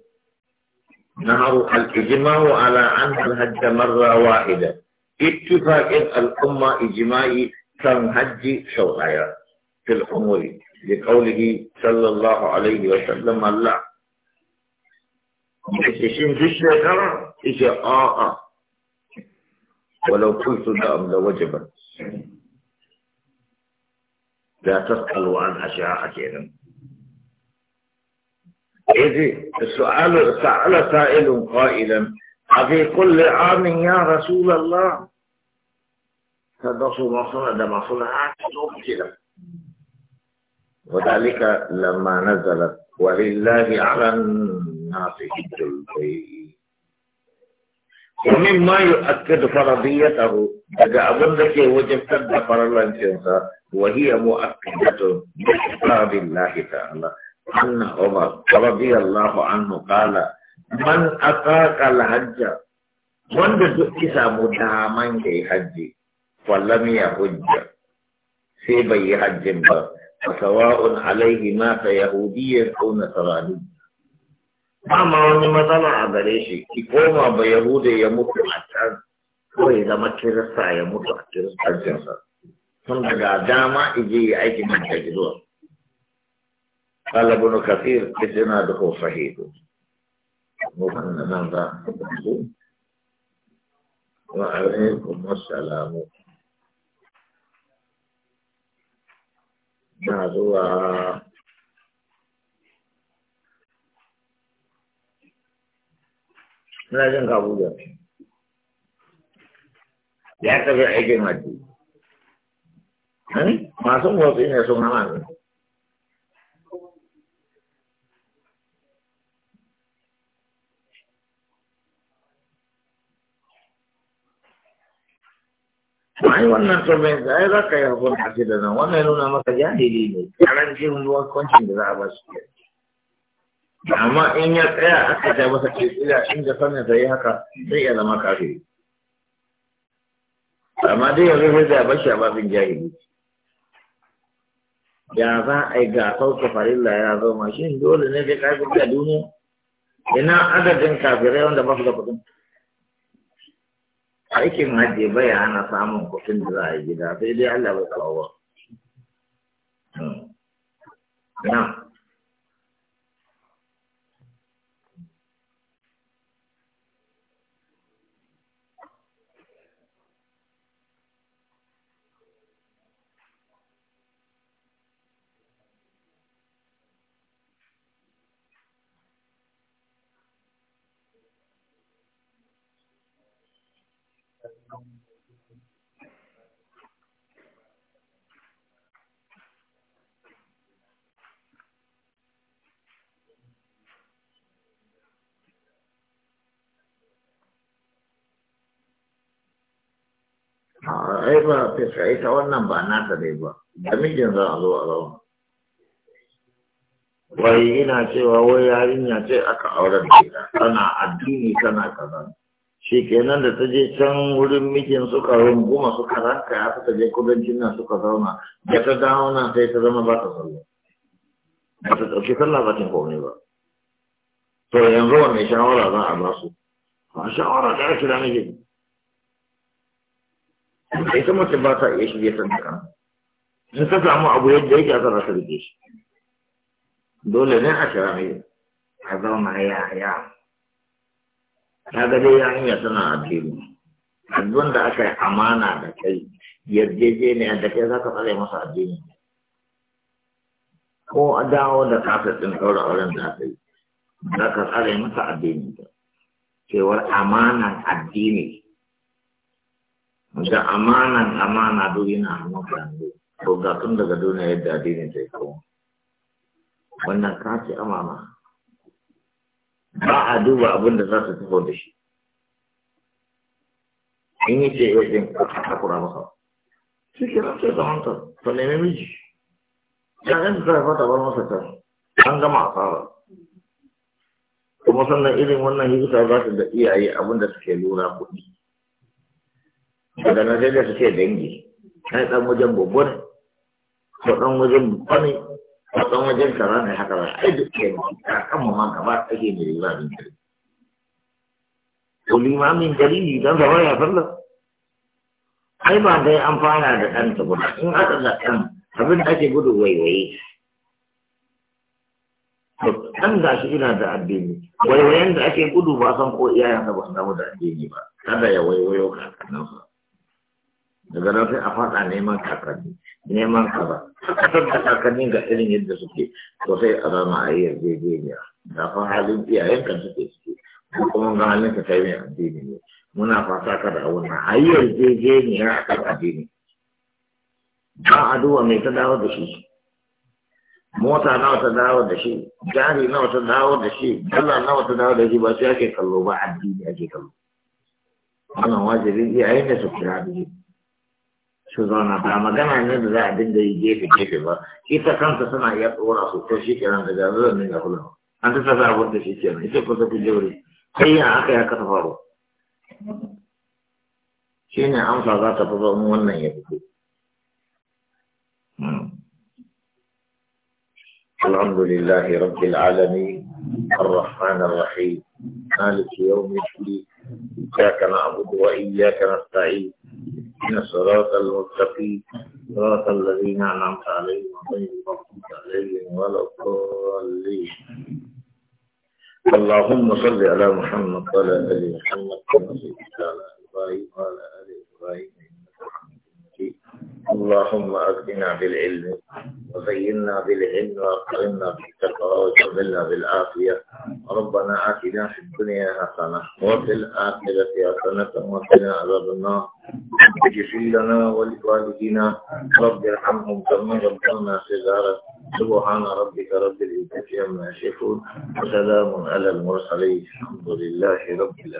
na haru al-ijma'u ala an al-hajj marra wahida ittifaqin al-umma ijma'i kan hajji sau daya fil umuri li qawlihi sallallahu alaihi wa sallam Allah Mai shi shi shekara إيش آه ولو قلت نعم لوجبت لا تسألوا عن أشياء كثيرة إذ السؤال سأل سائل قائلا أفي كل عام يا رسول الله فالرسول صلى الله عليه وسلم وذلك لما نزلت ولله على الناس حج البيت ومما يؤكد فرضيته daga abin da ke wajabtar da farallancinsa وهي مؤكدة بكتاب الله تعالى أن عمر رضي الله عنه قال من أطاق الحج من سامو مداما كي حج فلم يحج سيبا حج فسواء عليه مات يهوديا أو نصراني dama ma wani matsala a gare shi ki koma ba yahuda ya mutu a can ko ya zama kirista ya mutu a kiristancinsa tun daga dama ije ya aiki man ta gizo قال ابن كثير إسناده صحيح ina jin ka abuja ya tafi aikin hajji hmm? masu motsi ne sun hana ne Mai wannan turbin da ai za ka yi hakun tafi da nan wannan nuna maka jahili ne karancin ruwan kwancin da za a ba su amma in ya tsaya aka ja masa kirkira da sanin zai haka zai iya zama kafiri amma dai yanzu sai da bashi a babin jahili ya za a yi ga sauka farilla ya zo mashin dole ne zai kafin a duniya ina adadin kafirai wanda ba su da kuɗin aikin hajji bai hana samun kuɗin da za a yi gida sai dai Allah bai kawo ba. Hmm. ai ba fesa ita wannan ba nata dai ba da mijin za a zo a zauna wai ina cewa wai yarinya ce aka auren da tana addini tana kaza shi kenan da ta je can wurin mijin suka runguma suka ranka ya suka je kudancin nan suka zauna da ta dawo nan sai ta zama ba ta sallah ba ta ɗauki sallah ba ta komai ba to yanzu wanne shawara za a ba su a shawara da ya kira mijin ita mace ba ta iya shirya kan in ka samu abu yadda yake a zara rike shi dole ne a shirya mai a yi ya ya ta ga dai ya hanya tana biyu abin da aka yi amana da kai yarjejeniya da kai za ka tsare masa addini ko a dawo da kafin ɗin ɗaura auren da aka yi za ka tsare masa addini cewar amanan addini da amanan amana duk yana hannun kanzu to ga tun daga duniya yadda addini zai kawo wannan ka ce amana ba a duba abin da za su taho da shi in yi ce yadda eh, ka takura masa shi ke rafe zamanta to nemi miji ya yanzu ta fata bar masa ta an gama a asara kuma sannan irin wannan hikita za ta da iyaye abin da suke lura kuɗi daga nan sai da su ce dangi kai dan wajen gobe ne ko dan wajen babba ko dan wajen kaza ne haka ba ai duk ke ka kan mu man gaba take ne riba din kare to limamin dalili dan zama ya farla ai ba dai an fara da ta guda in aka ga ɗan abin da ake gudu waiwaye ɗan ga shi ina da addini waiwayen da ake gudu ba san ko iyayen da ba su damu da addini ba kada ya waiwayo kakanninsa daga nan sai a faɗa neman kakanni neman kaza kasar da kakanni ga irin yadda suke to sai a zama a yi yarjejeniya da fa halin iyayen kan suke suke ko kuma ga halin ka kai mai addini ne muna fata ka da wannan a yi yarjejeniya a kan addini ba a mai ta dawo da shi mota nawa ta dawo da shi jari nawa ta dawo da shi dala nawa ta dawo da shi ba sai ake kallo ba addini ake kallo wannan wajibi iyayen da su kira da shi su zauna ba magana ne da za a dinga yi gefe gefe ba ita kanta suna iya tsora su ko shi kenan daga zan dinga kullum. an ta sa abin da shi kenan ita kusa ku jure sai ya aka ya kasa faru shi ne amsa za ta fi zama wannan ya fito الحمد لله رب الرحمن الرحيم مالك يوم الدين إياك نعبد وإياك نستعين إن صراط المتقين صراط الذين أنعمت عليهم غير المغضوب عليهم ولا الضالين اللهم صل على محمد وعلى آل محمد كما صليت على إبراهيم وعلى آل إبراهيم اللهم أغننا بالعلم وزينا بالعلم وأكرمنا بالتقوى وجملنا بالعافية ربنا آتنا في الدنيا حسنة وفي الآخرة حسنة وقنا عذاب النار اغفر لنا ولوالدينا رب ارحمهم كما ربنا صغارا سبحان ربك رب العزة عما يصفون وسلام على المرسلين الحمد لله رب العالمين